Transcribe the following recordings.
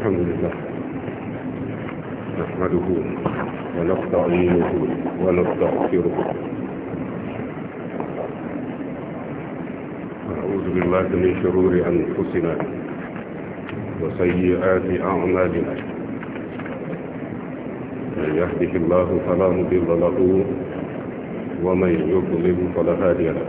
الحمد لله نحمده ونستعينه ونستغفره نعوذ بالله من شرور أنفسنا وسيئات أعمالنا من يهده الله فلا مضل له ومن يضلل فلا هادي له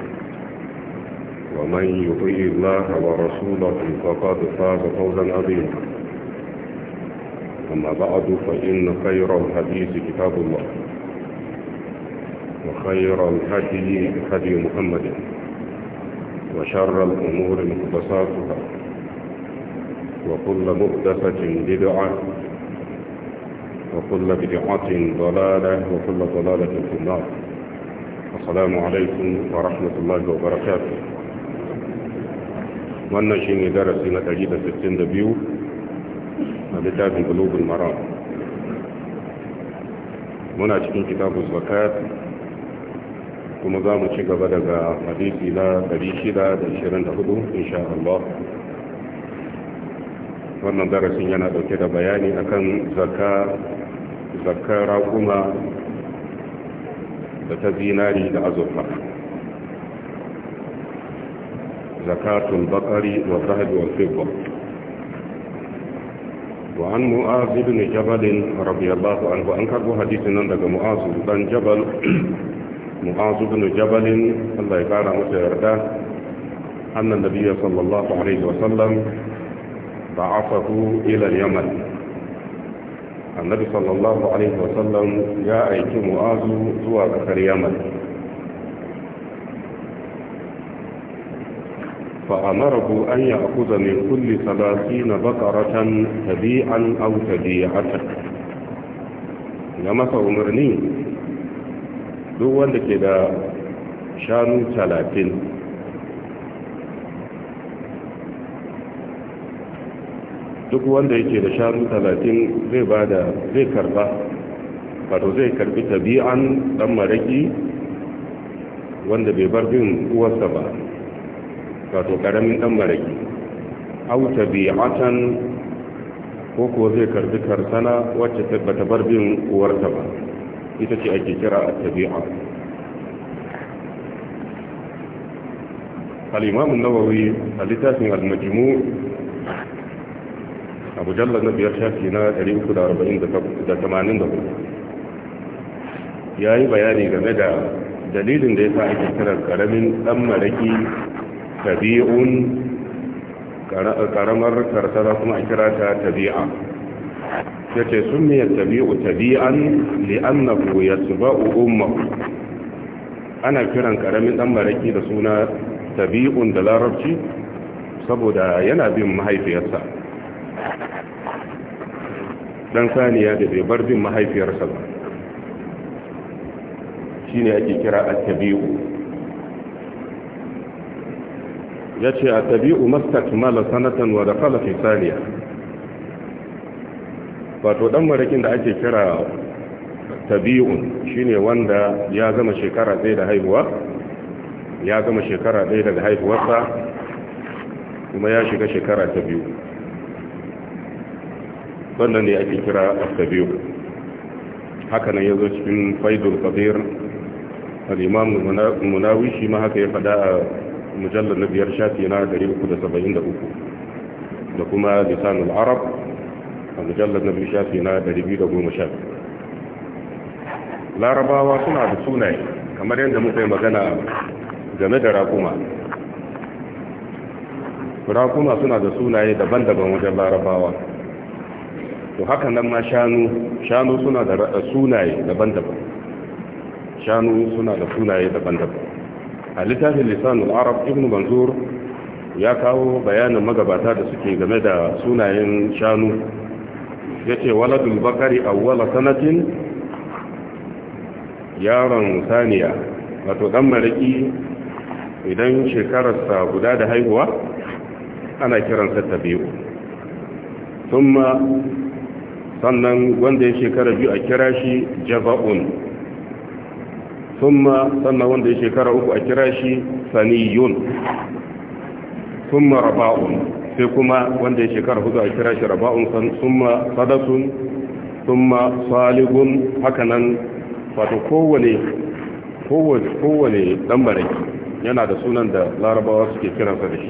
ومن يطيع الله ورسوله فقد فاز فوزا عظيما أما بعد فإن خير الحديث كتاب الله وخير الهدي هدي محمد وشر الأمور مقدساتها وكل مقدسة بدعة وكل بدعة ضلالة وكل ضلالة في النار السلام عليكم ورحمة الله وبركاته wannan shi ne darasi na 162 a littafin global maram muna cikin kitabun zakat kuma za mu ci gaba daga hadisi na 624 insha Allah wannan darasin yana dauke da bayani akan zaka zakara kuma da ta zinari da azurfa zakatun bakari wa zahabi wa fibba wa an mu'az ibn jabal radiyallahu anhu an karbo hadisi nan daga mu'az dan jabal mu'az ibn jabal Allah ya fara masa yarda annan nabiyya sallallahu alaihi wa sallam ba'athahu ila al-yaman annabi sallallahu alaihi wa sallam ya aiki mu'azu zuwa kasar yaman فأمره أن يأخذ من كل ثلاثين بقرة تبيعا أو تبيعة لما فأمرني دو وانك إذا شانو ثلاثين duk wanda yake da shanu talatin zai ba da zai karba wato zai karbi tabi'an dan maraki wanda bai bar bin uwarsa ba wato karamin dan baraki au tabi'atan ko ko zai karbi karsana wacce ta bar bin uwarta ba ita ce ake kira a tabi'a al-imamu nawawi a littafin al-majmu a bujallar na biyar shafi na 384 ya yi bayani game da dalilin da ya sa ake kira karamin dan maraki tabi'un karamar karsara kuma a kira ta tabi'a ya ce sun tabi'u tabi'an li'annahu ya tuba'u ana kiran karamin dan maraki da suna tabi'un da larabci saboda yana bin mahaifiyarsa dan saniya da bai bar bin mahaifiyarsa ba shine ake kira a tabiu ya ce a tabi'u mastakmala sanatan wa da falafin saniya wato dan marakin da ake kira tabi'un shine wanda ya gama shekara ɗaya da haihuwa ya gama shekara ɗaya daga haihuwarsa kuma ya shiga shekara ta biyu wannan ne ake kira tabi'u nan ya zo cikin faidul kabir al-imam munawi shi ma haka ya fada a mujallar na biyar shafi na uku da saba'in da da uku, kuma lisan al'arab a mujallar na biyu shafi na biyu da goma 210 larabawa suna da sunaye kamar yadda muka yi magana game da rakuma rakuma suna da sunaye daban-daban wajen larabawa to haka nan ma shanu shanu suna da sunaye daban-daban shanu suna da sunaye daban-daban a littafin lisanul arab ibn manzur ya kawo bayanin magabata da suke game da sunayen shanu ya ce waladul bakari wala sanatin yaron saniya wato dan mariki idan shekararsa guda da haihuwa ana kiransa ta biyu sannan wanda ya shekara biyu a kira shi jaba'un thumma sannan wanda ya shekara uku a kira shi saniyun thumma raba'un sai kuma wanda ya shekara hudu a kira shi raba'un thumma sadasun thumma salihun haka nan wato kowane kowane dan baraki yana da sunan da larabawa suke kiransa da shi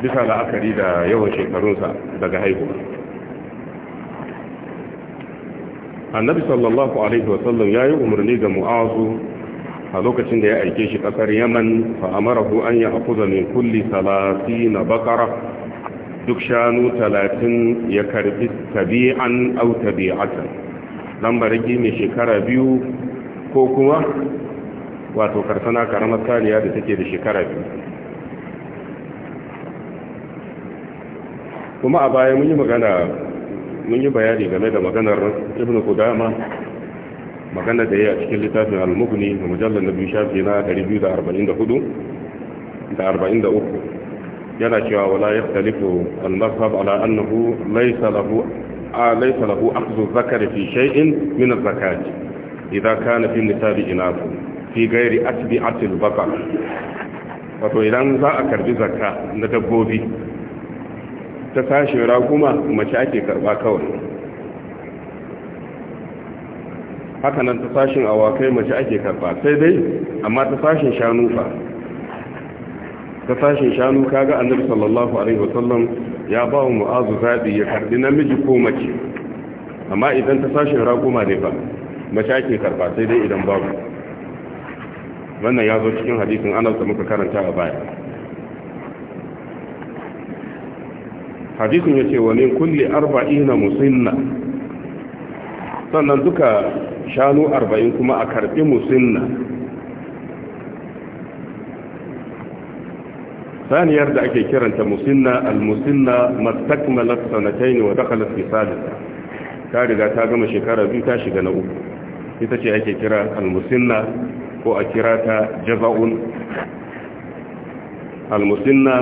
bisa la'akari da yawan shekarunsa daga haihuwa annabi sallallahu alaihi wasallam ya yi umarni ga mu'azu a lokacin da ya aike shi kasar yaman fa amarahu an ya hafuza min kulli na bakara duk shanu talatin ya karbi tabi'an au tabi'atan lambarigi mai shekara biyu ko kuma wato karsana karamar saniya da take da shekara biyu kuma a baya mun yi magana mun yi bayani game da maganar ibn kudama magana da ya a cikin littafin al-mughni da mujallal na biyu shafi na 244 da 43 yana cewa wala yaftalifu al-mazhab ala annahu laysa lahu laysa lahu akhdhu zakari fi shay'in min az-zakati idza kana fi nisabi inasu fi ghairi atbi'ati al-baqar wato idan za a karbi zakka na dabbobi ta sashi kuma mace ake karba kawai Hakanan nan ta sashin awakai mace ake karba sai dai amma ta sashin shanu fa ta sashin shanu kaga annabi sallallahu alaihi wasallam ya ba mu mu'azu zabi ya karbi namiji ko mace amma idan ta sashin raguma ne fa mace ake karba sai dai idan babu wannan ya zo cikin hadisin anas da muka karanta a baya hadisin yace wa min kulli arba'ina musinna sannan duka shanu arba'in kuma a karɓi musinna saniyar da ake kiranta musinna al-musinna sanatai sanatayn wa dakhalat fi salisa ta riga ta gama shekara biyu ta shiga na uku ita ce ake kira al-musinna ko a kira ta jaza'un al-musinna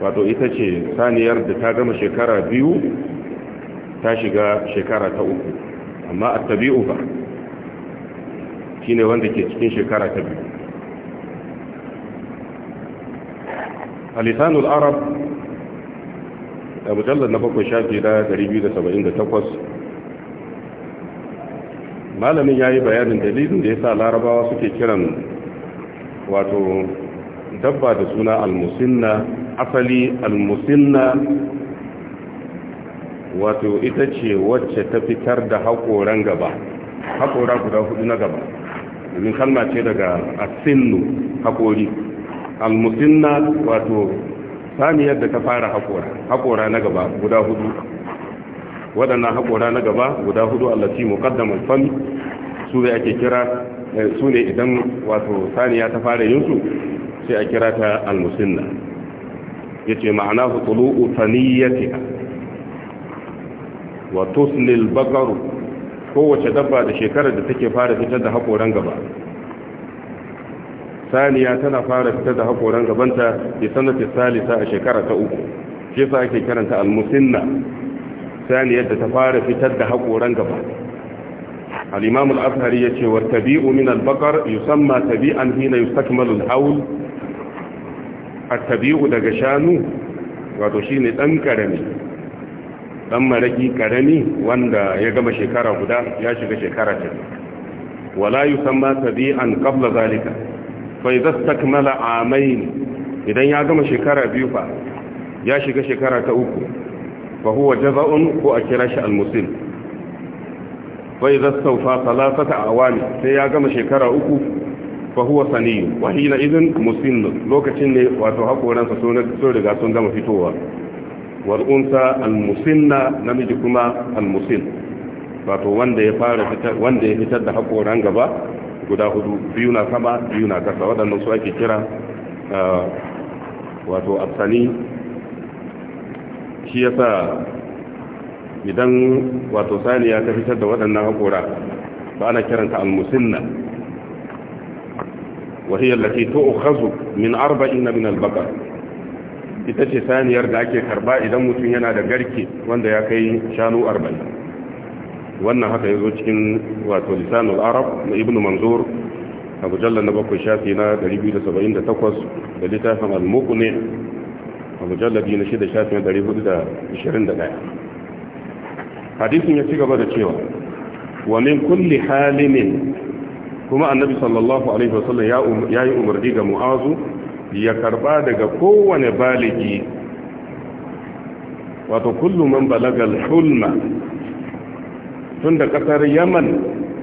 wato ita ce saniyar da ta gama shekara biyu ta shiga shekara ta uku amma a tabi'u ba shine wanda ke cikin shekara ta biyu a arab a mujallar na bakwai shafi da 278 malamin ya yi bayanin dalilin da ya sa larabawa suke kiran wato dabba da suna almusinna asali almusinna wato ita ce wacce ta fitar da haƙoran gaba haƙora guda hudu na gaba domin kalma ce daga asinnu haƙori almusinna wato saniyar da ta fara haƙora haƙora na gaba guda hudu waɗannan haƙora na gaba guda hudu allaci muqaddam al-fami su ne ake kira eh, su ne idan wato saniya ta fara yin su sai a kira ta almusinna yace ma'ana hutulu utaniyatika Wato tuslil bakaru kowace dabba da shekarar da take fara fitar da haƙoran gaba saniya tana fara fitar da haƙoran gabanta da sanata salisa a shekara ta uku shi sa ake kiranta almusinna saniyar da ta fara fitar da haƙoran gaba al-imam ya azhari yace wa tabi'u min al-baqar yusamma tabi'an hina yustakmalu al-hawl at-tabi'u daga shanu wato shi ne dan karami dan maraki karami wanda ya gama shekara guda ya shiga shekara ta wala yusamma tabi'an qabla zalika fa idza istakmala amayn idan ya gama shekara biyu fa ya shiga shekara ta uku fa huwa jaza'un ko a kira shi al-muslim fa idza stawfa thalathata awami sai ya gama shekara uku fa huwa sani wa hina idhan muslim lokacin ne wato hakoransa sun riga sun gama fitowa wal'unsa almusinna namiji kuma almusin wato wanda ya fara wanda ya fitar da haƙoran gaba guda hudu biyu na sama biyu na kasa waɗannan su ake kira ah, wato absani shi sa idan wato saniya ta fitar da waɗannan haƙora ba ana kiranta almusinna وهي التي تؤخذ من أربعين من البقر ita ce saniyar da ake karba idan mutum yana da garke wanda ya kai shanu arba'in wannan haka ya zo cikin wato lisanul arab na ibn manzur a mujallar na bakwai shafi na 278 da littafin al ne a mujallar na shida shafi na 421 hadisun ya ci gaba da cewa wa min kulli halinin kuma annabi sallallahu alaihi wasallam ya um-, yi umarni ga mu'azu ya karba daga kowane baligi wato kullum man balagal hulma tun da kasar yaman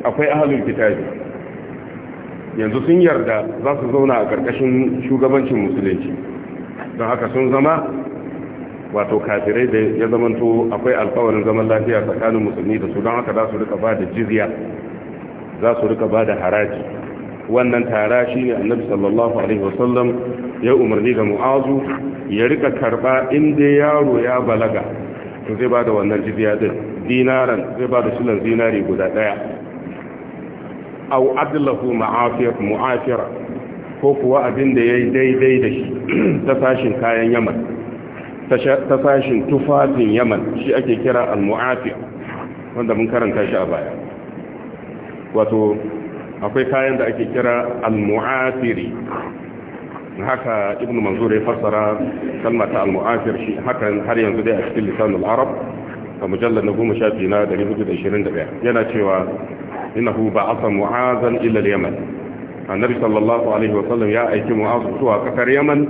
akwai ahalin kitabi yanzu sun yarda za su zauna a ƙarƙashin shugabancin musulunci don haka sun zama wato kafirai da ya zamanto akwai alkawarin zaman lafiya tsakanin musulmi da su don haka za su rika ba da jizya za su rika ba da haraji wannan tara shi ne annabi sallallahu alaihi wasallam ya umarni da mu'azu ya rika karba inda yaro ya balaga to zai bada wannan jizya din dinaran zai bada shilan dinari guda daya aw adlahu ma'afiyat mu'afira ko kuwa abin da yayi daidai da shi ta sashin kayan yaman ta sashin tufafin yaman shi ake kira al-mu'afiya wanda mun karanta shi a baya wato akwai kayan da ake kira al-mu'asiri haka ibn manzur ya fassara kalmata al-mu'asir shi hakan har yanzu dai a cikin lisanul arab a mujallar na goma sha biyu na dari hudu da ishirin da ɗaya yana cewa innahu ba'asa mu'azan ila yaman annabi sallallahu alaihi wa sallam ya aiki mu'az zuwa kasar yaman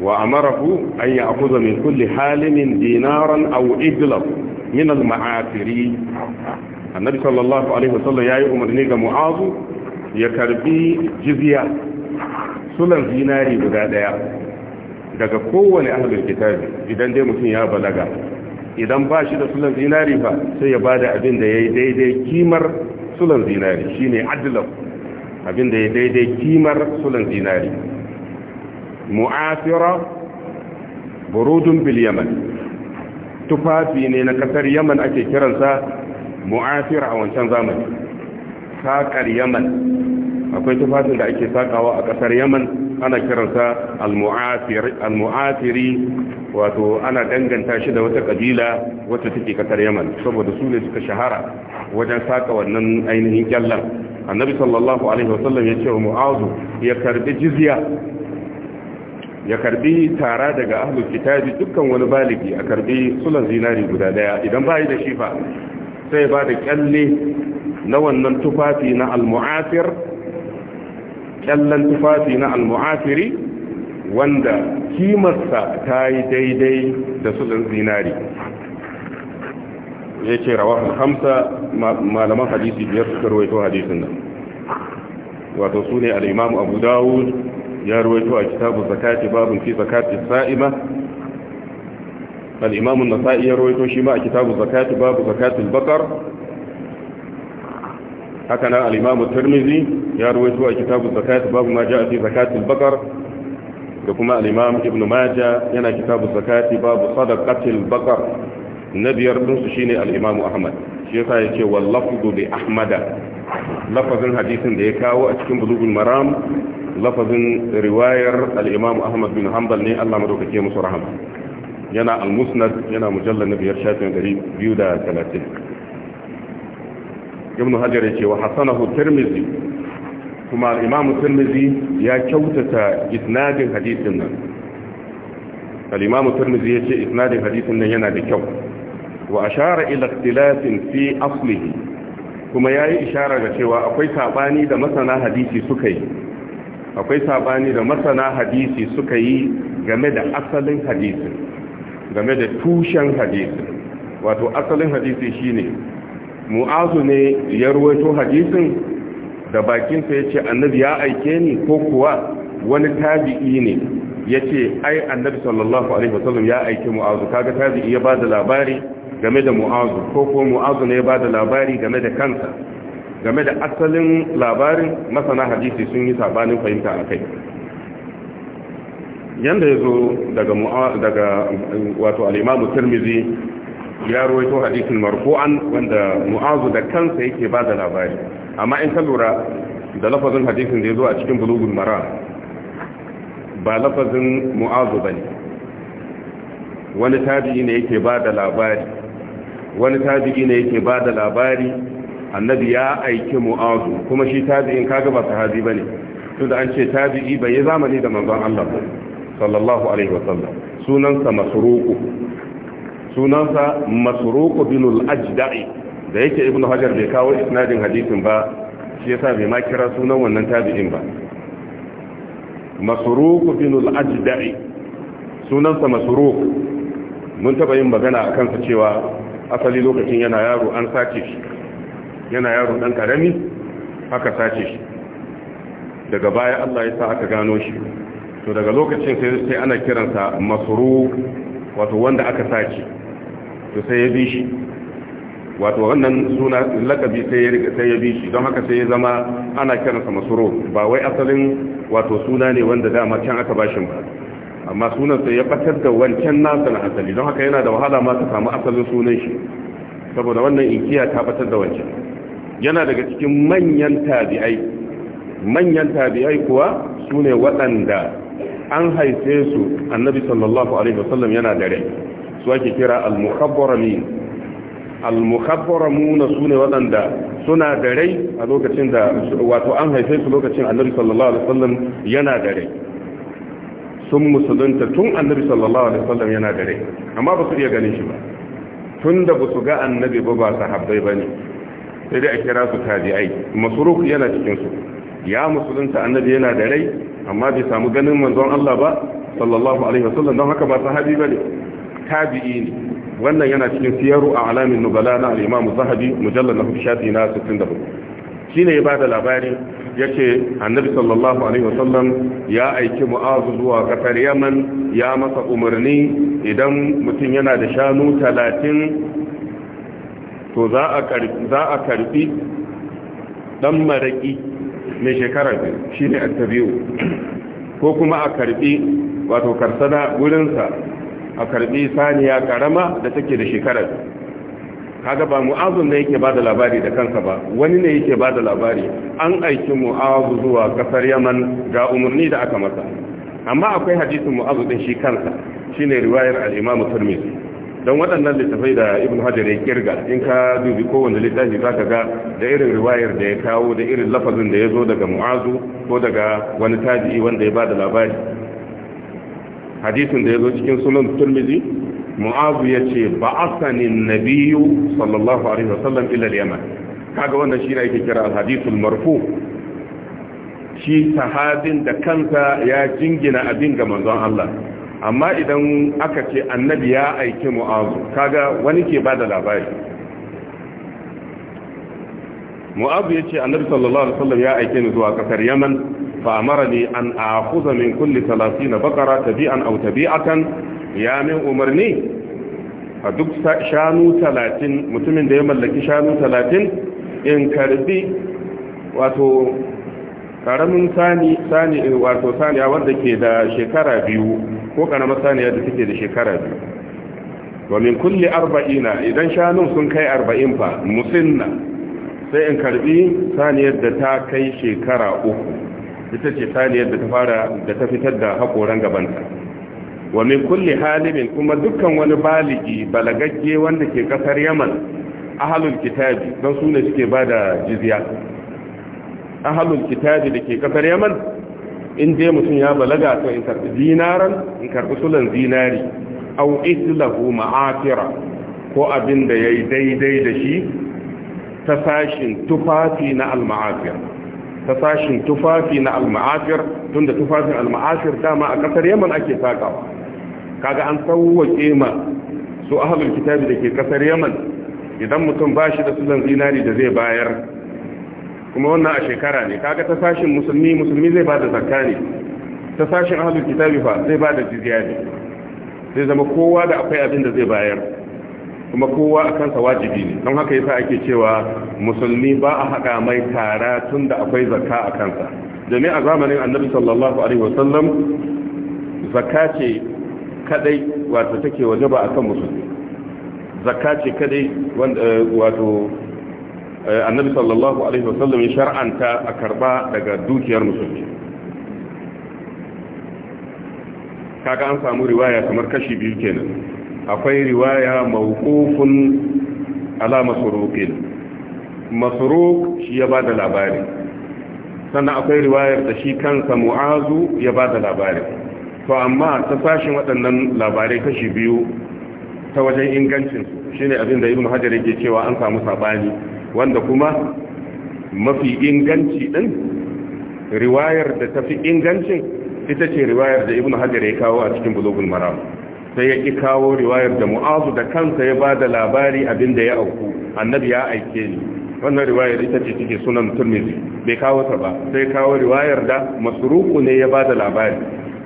wa amarahu an ya'khudha min kulli halimin dinaran aw idlam min al-ma'asiri annabi sallallahu alaihi wasallam yayi umarni ga mu'azu ya karbi jizya sulan zinari guda daya daga kowane ahlul kitabi idan dai mutum ya balaga idan ba shi da sulan zinari ba sai ya bada abin da yi daidai kimar sulan zinari shine adlan abin da yayi daidai kimar sulan zinari mu'asira burudun bil yaman tufafi ne na kasar yaman ake kiransa mu'asira a wancan zamani saƙar yaman akwai tufafin da ake saƙawa a ƙasar yaman ana kiransa al-mu'asiri wato ana danganta shi da wata ƙabila wata take ƙasar yaman saboda su ne suka shahara wajen saƙa wannan ainihin kyallan annabi sallallahu alaihi wasallam ya ce wa mu'azu ya karbi jizya ya karbi tara daga ahlul kitabi dukkan wani baligi a karbi sulan zinari guda daya idan bai da shifa sai ba da kyalle na wannan tufafi na almu'afir kyallen tufafi na wanda kimarsa ta yi daidai da suɗin zinari ya ce rawa hamsa malaman hadisi biyar suka ruwaito hadisin nan wato su ne al'imamu abu dawud ya ruwaito a kitabun zakati babin fi zakati sa'ima al-imam an-nasa'i ya rawaito shi a kitabu zakati babu zakatul baqar haka nan al-imam ya rawaito a kitabu zakati babu ma ja'a fi zakatul da kuma al ibn majah yana kitabu zakati babu sadaqatil baqar na biyar dinsu shine al-imam ahmad lafazin hadisin da ya kawo a cikin bulugul maram lafazin riwayar al-imam ahmad bin hanbal ne Allah madaukake musu rahama yana al-musnad yana mujallar na biyar shafin gari biyu da talatin ibn hajar ya ce wa hasanahu tirmizi kuma al-imamu tirmizi ya kyautata isnadin hadisin nan al-imamu tirmizi ya ce isnadin hadisin nan yana da kyau wa ashara ila ikhtilafin fi aslihi kuma yayi ishara ga cewa akwai sabani da masana hadisi suka yi akwai sabani da masana hadisi suka yi game da asalin hadisin game da tushen hadisi wato asalin hadisi shine mu'azu ne ya ruwaito hadisin da bakinsa ya ce annabi ya aike ni ko kuwa wani tabi'i ne ya ce ai annabi sallallahu alaihi wasallam ya aike mu'azu kaga tabi'i ya ba da labari game da mu'azu ko kuwa mu'azu ne ya bada da labari game da kansa game da asalin labarin masana hadisi sun yi sabanin fahimta a kai yanda ya zo daga wato al'imamu tirmizi ya ruwaito hadithin marfu'an wanda mu'azu da kansa yake ba da labari amma in ka lura da lafazin hadisin da ya zo a cikin bulugun mara ba lafazin mu'azu ba ne wani tabi'i ne yake ba da labari wani tabi'i ne yake ba da labari annabi ya aiki mu'azu kuma shi tabi'in kaga ba hazi ba ne tunda an ce tabi'i bai yi zamani da manzon Allah ba sallallahu alaihi wasallam sunansa masruku sunansa masruku bin al-ajda'i da yake ibnu hajar bai kawo isnadin hadisin ba shi yasa bai ma kira sunan wannan tabi'in ba masruku bin al-ajda'i sunansa masruku mun taba yin magana akan sa cewa asali lokacin yana yaro an sace shi yana yaro dan karami haka sace shi daga baya Allah ya sa aka gano shi to daga lokacin sai ana kiransa masuru wato wanda aka sace to sai ya bi shi wato wannan suna lakabi sai ya riga sai ya bi shi don haka sai ya zama ana kiransa masuru ba wai asalin wato suna ne wanda dama can aka bashin ba amma sunan sai ya ɓatar da wancan nasa na asali don haka yana da wahala ma ta samu asalin sunan shi saboda wannan inkiya ta batar da wancan yana daga cikin manyan tabi'ai manyan tabi'ai kuwa su ne waɗanda an haife su annabi sallallahu alaihi wasallam yana da rai su ake kira al-mukhabbaramin al-mukhabbaramuna su ne waɗanda suna da rai a lokacin da wato an haife su lokacin annabi sallallahu alaihi wasallam yana da rai sun musulunta tun annabi sallallahu alaihi wasallam yana da rai amma ba su iya ganin shi ba tun da ba su ga annabi ba ba sahabbai bane sai dai a kira su tabi'ai masruf yana cikin su ya musulunta annabi yana da rai amma bai samu ganin manzon Allah ba sallallahu alaihi wasallam don haka ba sahabi bane tabi'i ne wannan yana cikin siyaru a alamin nubala na al-imam zahabi mujallal na shafi na 64 shine ya bada labarin yace annabi sallallahu alaihi wasallam ya aiki mu'azu zuwa kasar yaman ya masa umarni idan mutum yana da shanu 30 to za a karbi za a karbi dan maraki mai shekara biyu shi ne attabi'u ko kuma a karbi wato karsana wurinsa a karbi saniya karama da take da shekara kaga ba mu'azu ne yake bada labari da kansa ba wani ne yake bada labari an aiki mu'azu zuwa kasar yaman ga umarni da aka masa amma akwai hadisin mu'azu din shi kansa shine riwayar al-imamu don waɗannan littafai da ibn hajar ya kirga in ka dubi kowane littafi za ka ga da irin riwayar da ya kawo da irin lafazin da ya zo daga mu'azu ko daga wani tabi'i wanda ya ba da labari hadisin da ya zo cikin sunan turmizi mu'azu ya ce ba'asanin nabiyu sallallahu alaihi wasallam ilal yaman kaga wannan shi ne ake kira alhadisul marfu shi sahabin da kansa ya jingina abin ga manzon Allah amma idan aka ce annabi ya aiki mu'azu kaga wani ke bada labari mu'azu ya ce annabi sallallahu alaihi wasallam ya aike ni zuwa kasar yaman fa ni an akhudha min kulli 30 baqara tabi'an aw tabi'atan ya min umarni a duk shanu 30 mutumin da ya mallaki shanu 30 in karbi wato karamin sani sani wato sani wanda ke da shekara biyu ko karamar saniya da take da shekara biyu wa min kulli arba'ina idan shanun sun kai arba'in fa musinna sai in karbi saniyar da ta kai shekara uku ita ce saniyar da ta fara da ta fitar da hakoran gabanta wa min kulli halibin kuma dukkan wani baligi balagagge wanda ke kasar yaman ahalul kitabi don su ne suke ba da jizya ahalul kitabi da ke ƙasar yaman in dai mutum ya balaga to in karbi dinaran in karbi sulan zinari aw idlahu ma'afira ko abin da yayi daidai da shi ta tufafi na al-ma'afir ta tufafi na al-ma'afir tunda tufafin al-ma'afir dama a kasar Yaman ake sakawa kaga an sauwake ma su ahlul kitabi da ke kasar Yaman idan mutum bashi da sulan zinari da zai bayar kuma wannan a shekara ne kaga ta sashin musulmi musulmi zai bada zakka ne ta sashin ahlul kitabi fa zai bada jizya ne sai zama kowa da akwai abin da zai bayar kuma kowa a kansa wajibi ne don haka yasa ake cewa musulmi ba a haɗa mai tara tun da akwai zakka a kansa domin a zamanin annabi sallallahu alaihi wasallam zakka ce kadai wato take wajaba akan musulmi zakka ce kadai wato Eh, annabi sallallahu alaihi wasallam ya shar'anta a karba daga dukiyar musulmi kaga an samu riwaya kamar kashi biyu kenan akwai riwaya mawqufun ala masruqin masruq shi ya bada labari sannan akwai riwayar da shi kansa mu'azu ya bada labari to amma ta sashin waɗannan labarai kashi biyu ta wajen ingancin shine abin da ibnu hajar yake cewa an samu sabani wanda kuma mafi inganci din riwayar da tafi ingancin ita ce riwayar da ibnu hajar ya kawo a cikin bulugul maram sai ya ki kawo riwayar da mu'azu da kansa ya ba da labari abinda ya auku annabi ya aike ni wannan riwayar ita ce cike sunan turmizi bai kawo ta ba sai kawo riwayar da masruku ne ya ba da labari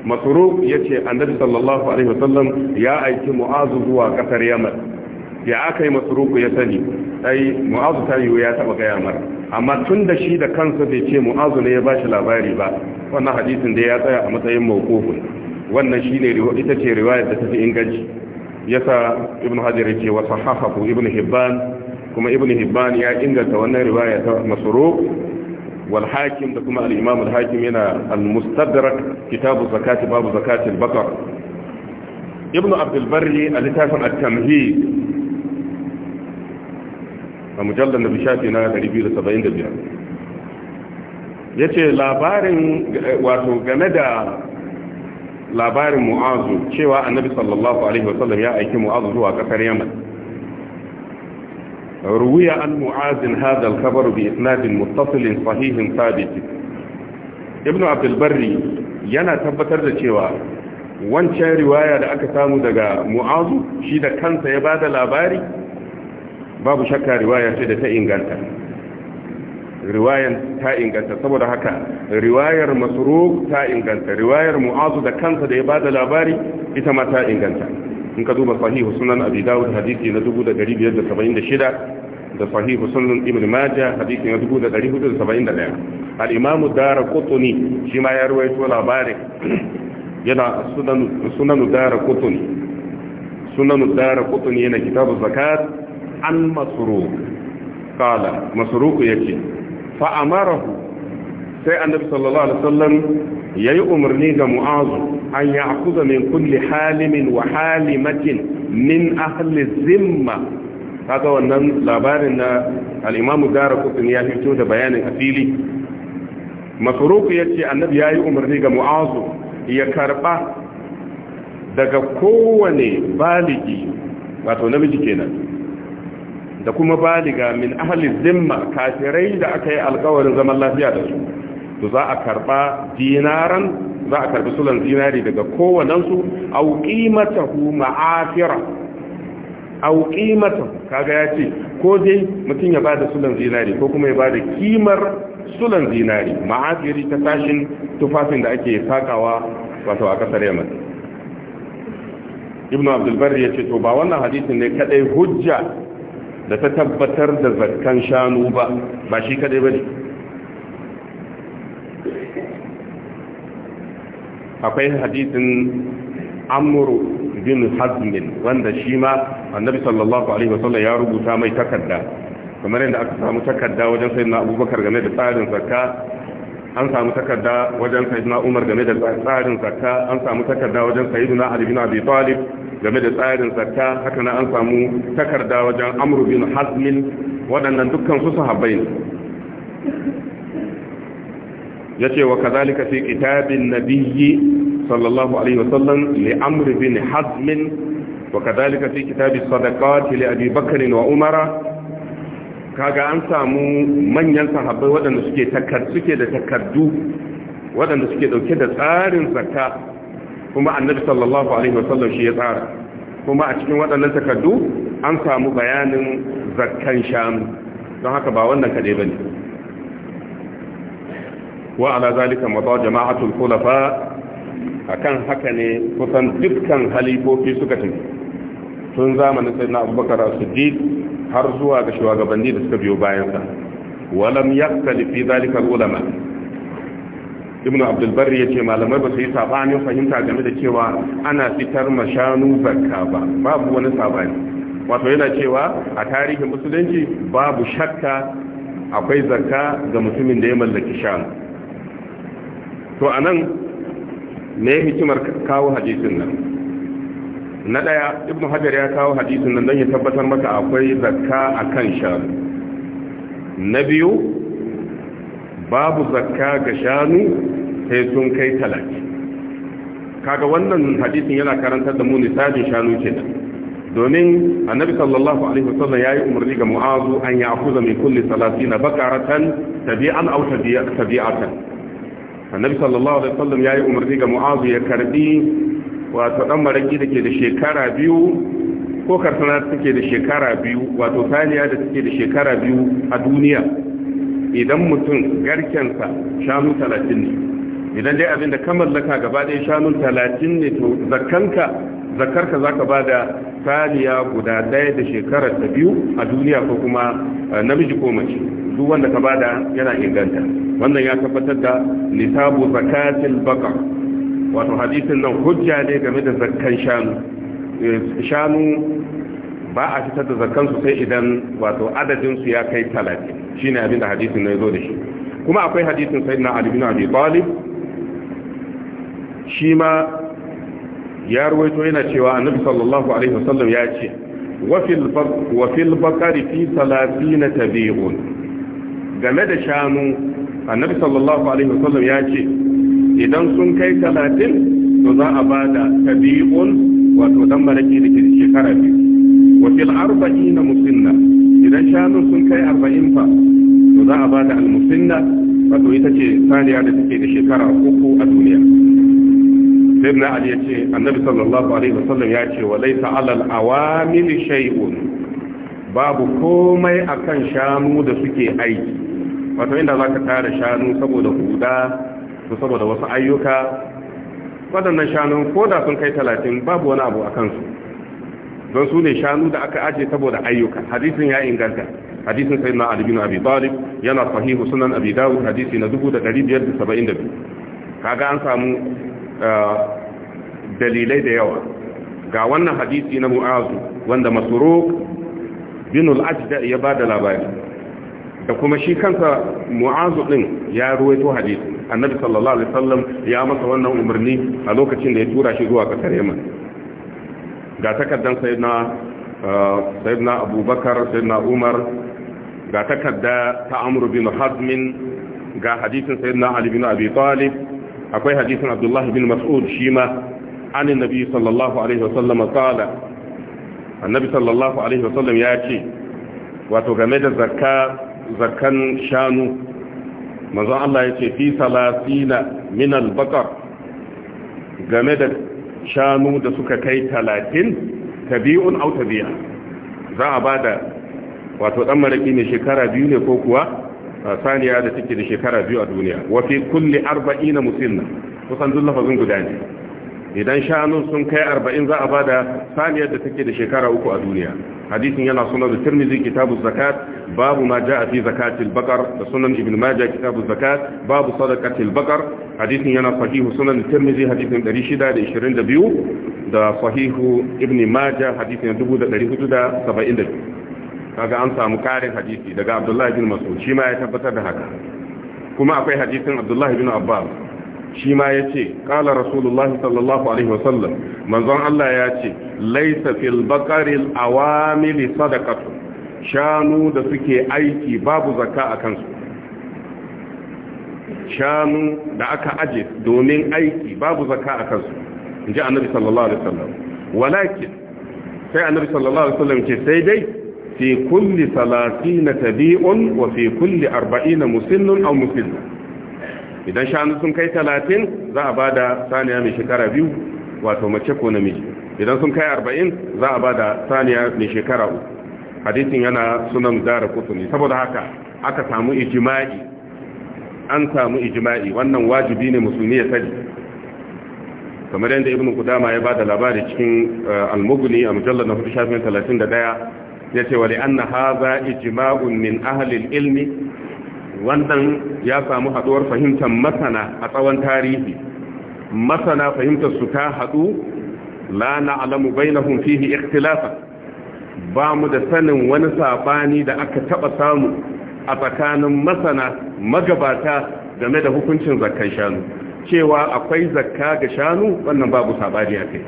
masruku ya ce annabi sallallahu alaihi wasallam ya aiki mu'azu zuwa kasar yaman ya aka yi masruku ya sani ai mu'azu ta yiwu ya taba gaya mara amma tun da shi da kansa bai ce mu'azu ne ya ba shi labari ba wannan hadisin da ya tsaya a matsayin mawqufun wannan ne ita ce riwayar da ta fi inganci yasa ibn hajar yake wa sahahahu ibn hibban kuma ibn hibban ya inganta wannan riwaya ta masruq wal hakim da kuma al imam al hakim yana al mustadrak kitabu zakati babu zakati al baqar ibn abd barri at tamhid a mujallar na bishafi na 275 ya ce labarin wato game da labarin mu'azu cewa annabi sallallahu alaihi wasallam ya aiki mu'azu zuwa kasar yaman ruwiya an mu'azin hada alkabar bi isnadin muttasilin sahihin sabiti ibnu abdulbarri yana tabbatar da cewa wancan riwaya da aka samu daga mu'azu shi da kansa ya bada labari babu shakka riwaya ce da ta inganta riwayan ta inganta saboda haka riwayar masruq ta inganta riwayar mu'azu da kansa da ya bada labari ita ma ta inganta in ka duba sahihu sunan abi dawud hadisi na 1576 da sahihu sunan ibn majah hadisi na 1471 al-imam ad-darqutni shi ma ya rawaito labarin yana sunan sunan ad-darqutni sunan ad-darqutni yana kitabu zakat an masruq qala masruq yace fa amarahu sai annabi sallallahu alaihi wasallam yayi umarni ga mu'azu an ya'khudha min kulli halimin wa halimatin min ahli zimma kaga wannan labarin na al-imamu darqutni ya fito da bayanin asili masruq yace annabi yayi umarni ga mu'azu ya karba daga kowane baligi wato namiji kenan da kuma baliga min ahli zimma kafirai da aka yi alkawarin zaman lafiya da su to za a karba dinaran za a karbi sulan dinari daga kowanensu au hu ma'afira au kaga ya ce ko dai mutum ya bada sulan dinari ko kuma ya bada kimar sulan zinari ma'afiri ta tashin tufafin da ake sakawa wato a ƙasar yamma. Ibnu Abdul ya ce to ba wannan hadisin ne kadai hujja da ta tabbatar da zakkan shanu ba ba shi kadai ba ne akwai hadisin amuru bin hazmin wanda shi ma annabi sallallahu alaihi wasallam ya rubuta mai takarda kamar yadda aka samu takarda wajen sayyidina abubakar game da tsarin zakka an samu takarda wajen sayyidina umar game da tsarin zakka an samu takarda wajen sayyidina ali bin abi talib game da tsarin zakka haka na an samu takarda wajen amru bin hazmin waɗannan dukkan su sahabbai ne ya ce wa kazalika fi kitabin nabiyyi sallallahu alaihi wasallam li amru bin hazmin wa kazalika fi kitabi sadaqati li abi bakr wa umara kaga an samu manyan sahabbai waɗanda suke takar suke da takardu waɗanda suke dauke da tsarin zakka kuma annabi sallallahu alaihi wasallam shi ya tsara kuma a cikin waɗannan takardu an samu bayanin zakkan shanu don haka ba wannan kaɗai ba ne wa ala zalika mazaw jama'atul khulafa akan haka ne kusan dukkan halifofi suka tafi tun zamanin sayyidina abubakar as-siddiq har zuwa ga shugabanni da suka biyo bayan sa walam yaktali fi zalika ulama ibnu abdulbar ya ce malamai ba su yi sabanin fahimta game da cewa ana fitar mashanu zakka ba babu wani sabani wato yana cewa a tarihin musulunci babu shakka akwai zakka ga mutumin da ya mallaki shanu to anan ne hikimar kawo hadisin nan na daya ibnu hajar ya kawo hadisin nan don ya tabbatar maka akwai zakka akan shanu na biyu babu zakka ga shanu sai sun kai talaki kaga wannan hadisin yana karantar da mu nisabin shanu ce kenan domin annabi sallallahu alaihi wasallam yayi umarni ga mu'azu an ya'khudha min kulli salatina bakaratan tabi'an aw tabi'atan annabi sallallahu alaihi wasallam yayi umarni ga mu'azu ya karbi wato dan maraki dake da shekara biyu ko karsana take da shekara biyu wato saniya da take da shekara biyu a duniya idan mutum garkensa shanu talatin ne idan dai abinda da ka mallaka gaba ɗaya shanu talatin ne to zakanka zakarka za ka ba da saniya guda ɗaya da shekarar ta biyu a duniya ko kuma eh, namiji ko mace duk wanda ka ba da yana inganta wannan ya tabbatar da nisabu zakatin baka wato hadisin nan hujja ne game da zakkan shanu eh, shanu ba a fitar da zakansu sai idan wato adadinsu ya kai talatin shi ne abinda hadisin na zo da shi kuma akwai hadisin sai na alibin abi talib shi ma ya ruwaito yana cewa annabi sallallahu alaihi wasallam ya ce wa wafil bakari fi talatina tabi'un game da shanu annabi sallallahu alaihi wasallam ya ce idan sun kai talatin to za a ba da tabi'un wato dan maraki da ke shekara biyu wa arba'i na musinna idan shanu sun kai arba'in fa to za a ba da almusinna wato ita ce saniya da take da shekara uku a duniya sai na ali ya ce annabi sallallahu alaihi wasallam ya ce wa laisa alal awamil shay'un babu komai akan shanu da suke aiki wato inda zaka tara shanu saboda huda to saboda wasu ayyuka waɗannan shanu ko da sun kai talatin babu wani abu a kansu don su ne shanu da aka aje saboda ayyuka hadisin ya inganta hadisin sai na alibin abi talib yana sahihu sunan abi dawud hadisi na 1572 kaga an samu uh, dalilai da yawa ga wannan hadisi na mu'azu wanda masruq bin al-ajda ya bada labari da kuma shi kansa mu'azu din ya ruwaito hadisi annabi sallallahu alaihi wasallam ya masa wannan umarni a lokacin da ya tura shi zuwa kasar yaman ga takardar uh, sayyidina abubakar sayyidina umar ga takarda ta amur bin hazmin ga hadisin sayyidina ali bin abi talib akwai hadisin abdullahi bin mas'ud shi ma anin nabi sallallahu alaihi wasallam qala annabi sallallahu alaihi wasallam ya ce wato game da zakka zakkan shanu manzon Allah ya ce fi salasina min al-baqar game da shanu da suka kai talatin tabi'un au tabi'a za a ba da wato ɗan maraƙi ne shekara biyu ne ko kuwa saniya da take da shekara biyu a duniya wafi kulli arba'ina musulma kusan duk lafazin guda ne idan shanun sun kai arba'in za a ba da saniyar da take da shekara uku a duniya hadisin yana sunan da tirmizi kitabu zakat babu ma ja a fi zakatil bakar da sunan ibn majah kitabu zakat babu sadakatil bakar hadisin yana sahihu sunan da tirmizi hadisin 622 da sahihu ibn majah hadisin 1472 kaga an samu karin hadisi daga abdullahi bin mas'ud shi ma ya tabbatar da haka kuma akwai hadisin abdullahi bin abbas shi ma ya ce ƙala rasulullahi sallallahu alaihi wasallam manzon Allah ya ce laisa fil bakaril awamili sadaqatu shanu da suke aiki babu zakka a kansu shanu da aka aje domin aiki babu zakka a kansu inji annabi sallallahu alaihi wasallam walakin sai annabi sallallahu alaihi wasallam ce sai dai fi kulli 30 tabi'un wa fi kulli 40 musinnun aw musinnah idan shanu sun kai talatin za a ba da saniya mai shekara biyu wato mace ko namiji idan sun kai arba'in za a ba da saniya mai shekara uku hadisin yana sunan kusur ne. saboda haka aka samu ijima'i an samu ijima'i wannan wajibi ne musulmi ya sani kamar yadda ibn kudama ya ba da labari cikin eh, almuguni a mujallar na hudu shafin ya ce wale an na haza ijima'un min ahalil ilmi wannan ya samu haduwar fahimtar masana a tsawon tarihi masana fahimtar su ta hadu la na'lamu bainahum fihi ikhtilafa ba mu da sanin wani sabani da aka taba samu a tsakanin masana magabata game da hukuncin zakkan shanu cewa akwai zakka ga shanu wannan babu sabani a kai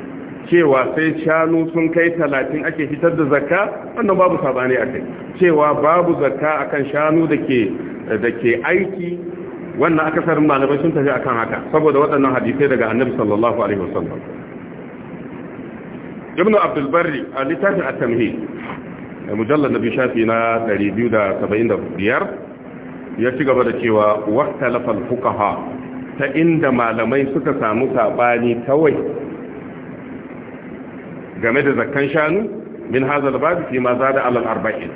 cewa sai shanu sun kai talatin ake fitar da zakka wannan babu sabani a kai cewa babu zakka akan shanu da ke aiki wannan akasar malamai sun tafi akan haka saboda waɗannan hadisai daga annabi sallallahu alaihi wasallam ibnu abdul barri a littafin at-tamhid mujallal nabi shafi na 275 ya ci gaba da cewa waqtalafa al-fuqaha ta inda malamai suka samu sabani kawai game da zakkan shanu min hazal babu fi ma zada alal arba'in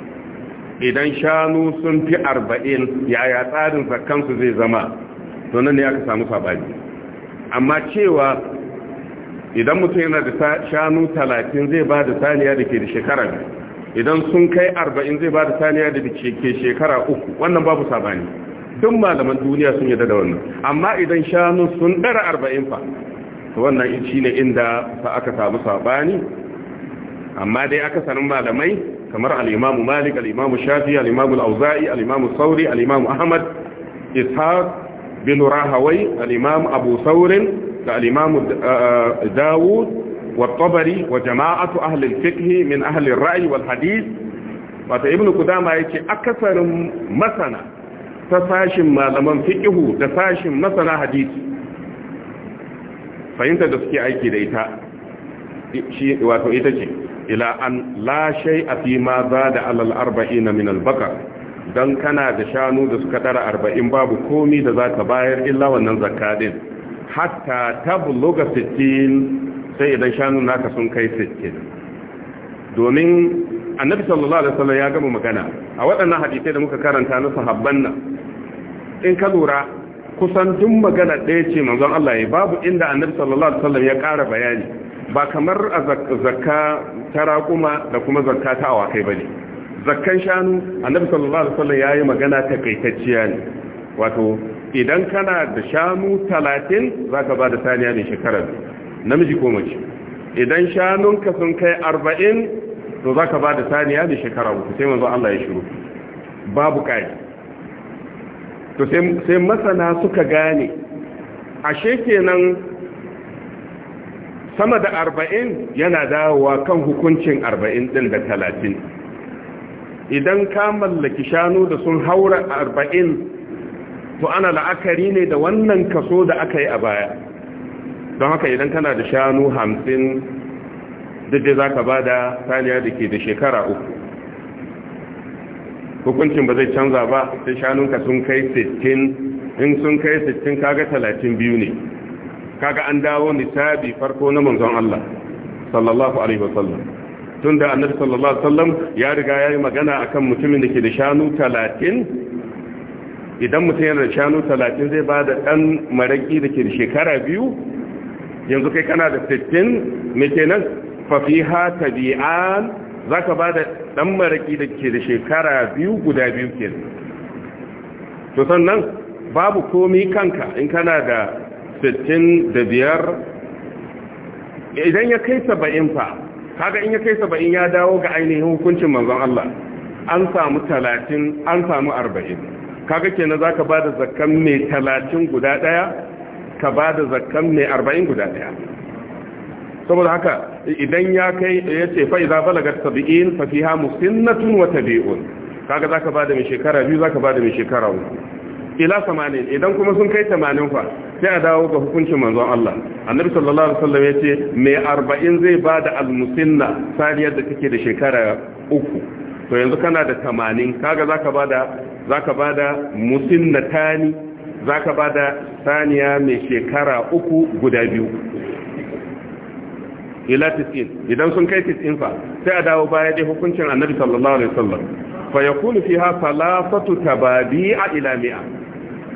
idan shanu sun fi arba'in yaya tsarin zakkansu zai zama to nan ne aka samu sabani amma cewa idan mutum yana da shanu talatin zai ba da saniya da ke da shekara idan sun kai arba'in zai ba da saniya da ke shekara uku wannan babu sabani duk malaman duniya sun yadda da wannan amma idan shanu sun ɗara arba'in fa wannan shi ne inda aka samu sabani amma dai aka sanin malamai kamar Alimamu Malik Alimamu Shafi Alimamu imam Alimamu auzai al Sauri al Ahmad Ishaq bin Rahawai Alimamu Abu saurin, da Alimamu eh, eh, Dawud wa Tabari wa jama'atu ahli al-fiqh min ahli ar-ra'y wal hadith wato Ibn ce aka sanin masana ta sashin malaman fikihu da sashin masana hadisi Fahimta da suke aiki da ita Shi wato ita ce ila an la a fi ma da alal arba'ina min al don dan kana da shanu da suka tara arba'in babu komi da ka bayar illa wannan zakka din hatta tabluga 60 sai idan shanu naka sun kai sittin. domin annabi sallallahu alaihi wasallam ya gama magana a waɗannan hadisai da muka karanta na sahabban nan in ka lura kusan duk magana ɗaya ce manzon Allah ya babu inda annabi sallallahu alaihi wasallam ya ƙara bayani ba kamar a zakka ta raƙuma da kuma zakka ta awakai ba ne zakkan shanu annabi sallallahu alaihi wasallam yayi magana takaitacciya ne wato idan kana da shanu 30 zaka ba da saniya ne shekarar namiji ko mace idan shanunka sun kai 40 to zaka ba da saniya ne shekara uku sai manzo Allah ya shiru babu kai to sai masana suka gane ashe kenan sama da arba'in yana dawowa kan hukuncin arba'in ɗin da talatin idan ka mallaki shanu da sun haura arba'in to ana la'akari ne da wannan kaso da aka yi a baya don haka idan kana da shanu hamsin duk za ka ba da saniya da ke da shekara uku hukuncin ba zai canza ba sai shanunka sun kai sittin, in sun kai sittin kaga biyu ne kaga an dawo nisabi farko na manzon Allah sallallahu alaihi wasallam tunda annabi sallallahu alaihi wasallam ya riga yayi magana akan mutumin da ke da shanu 30 idan mutum yana da shanu 30 zai bada dan maraki da ke da shekara biyu yanzu kai kana da 15 me kenan fa fiha tabi'an zaka bada dan maraki da ke da shekara biyu guda biyu kenan to sannan babu komi kanka in kana da biyar idan ya kai saba'in fa kaga in ya kai saba'in ya dawo ga ainihin hukuncin manzon Allah an samu talatin an samu arba'in kaga kenan zaka bada zakkan mai talatin guda daya ka bada zakkan mai arba'in guda daya saboda haka idan ya kai yace fa idza balagat sab'in fa fiha musinnatun wa tabi'un kaga zaka bada mai shekara biyu zaka bada mai shekara uku ila 80 idan kuma sun kai 80 fa sai a dawo ga hukuncin manzon Allah annabi sallallahu alaihi wasallam ce mai arba'in zai ba bada almusinna sariyar da take da shekara uku to yanzu kana da tamanin kaga zaka bada zaka bada musinna tani za zaka bada saniya mai shekara uku guda biyu ila tisin, idan sun kai tisin fa sai a dawo baya dai hukuncin annabi sallallahu alaihi wasallam fa yakunu fiha salafatu tababi'a ila mi'a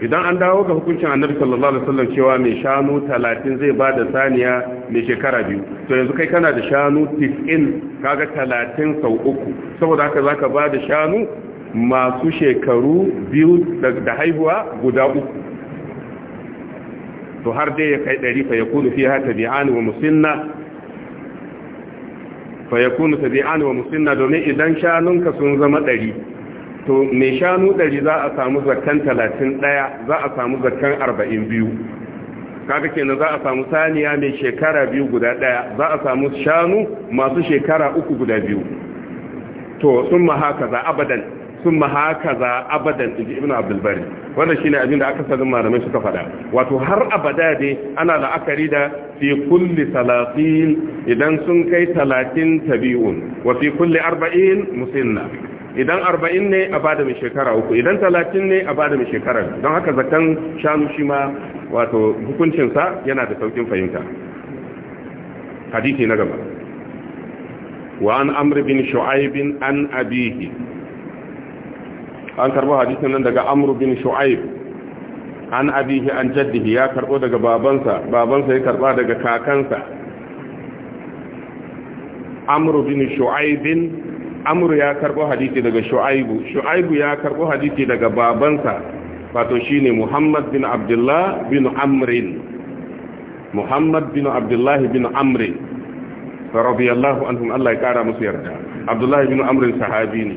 idan an dawo ga hukuncin annabi sallallahu alaihi wasallam cewa mai shanu 30 zai ba da saniya mai shekara biyu to yanzu kai kana da shanu 15 kaga 30 sau uku saboda haka zaka ba da shanu masu shekaru biyu da haihuwa guda uku to har dai ya kai 100 fa yakunu fiha bi'an wa musinna fa yakunu tabi'an wa musinna domin idan shanunka sun zama 100 to mai shanu ɗari za a samu zakan talatin ɗaya za a samu zakan arba'in biyu kaga kenan za a samu saniya mai shekara biyu guda ɗaya za a samu shanu masu shekara uku guda biyu to sun haka za abadan sun haka za abadan inji ibn abdulbari wannan shine abin da aka sanin malamai suka faɗa wato har abada dai ana la'akari da fi kulli talatin idan sun kai talatin tabi'un wa fi kulli arba'in musinna idan arba'in ne a bada mai shekara uku idan talatin ne a bada mai shekara don haka zakan shanu shi ma wato hukuncinsa yana da saukin fahimta Hadithi na gaba wa an amri bin shu'aibin an abihi an karbo hadithin nan daga amru bin shu'aib an abihi an jaddihi ya karbo daga babansa babansa ya karba daga kakansa amru bin shu'aibin amru ya karbo hadisi daga shu'aibu shu'aibu ya karbo hadisi daga babansa wato shine muhammad bin abdullah bin amrin muhammad bin abdullah bin amrin radiyallahu anhum Allah ya kara musu yarda abdullah bin amrin sahabi ne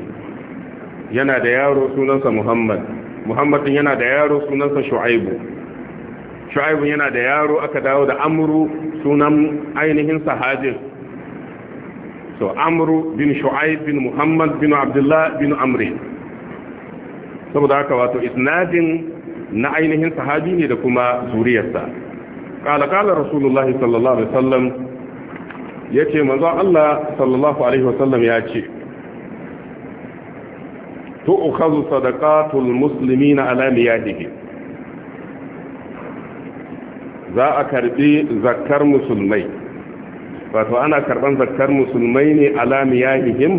yana da yaro sunansa muhammad muhammad yana da yaro sunansa shu'aibu shu'aibu yana da yaro aka dawo da Amru sunan ainihin sahabi to amru bin shu'aib bin muhammad bin abdullah bin amri saboda haka wato isnadin na ainihin sahabi ne da kuma zuriyarsa qala qala rasulullahi sallallahu alaihi wasallam yace manzon Allah sallallahu alaihi wasallam ya ce tu'khadhu sadaqatul muslimina ala niyatihi za a karbi zakkar musulmai wato ana karban zakkar musulmai ne alamiyahihim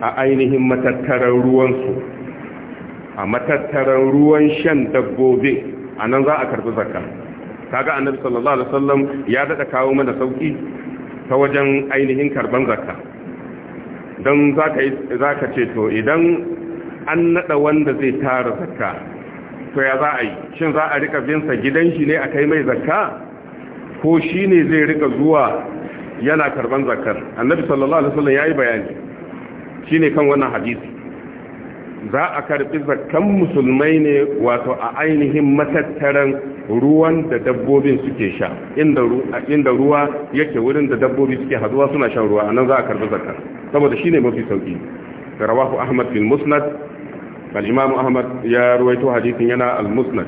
a ainihin matattaran ruwansu a matattaran ruwan shan dabbobi a nan za a karbi zakka kaga annabi sallallahu alaihi wasallam ya dada kawo mana sauki ta wajen ainihin karban zakka don za ka ce to idan an nada wanda zai tara zakka to ya za a yi shin za a rika binsa gidan shi ne a kai mai zakka ko shi ne zai rika zuwa yana karban zakar annabi sallallahu alaihi wasallam yayi bayani shine kan wannan hadisi za a karbi zakkan musulmai ne wato a ainihin matattaran ruwan da dabbobin suke sha inda inda ruwa yake wurin da dabbobi suke haduwa suna shan ruwa anan za a karbi zakar saboda shine mafi sauki rawahu ahmad fil musnad bal imam ahmad ya ruwaito hadisin yana al-musnad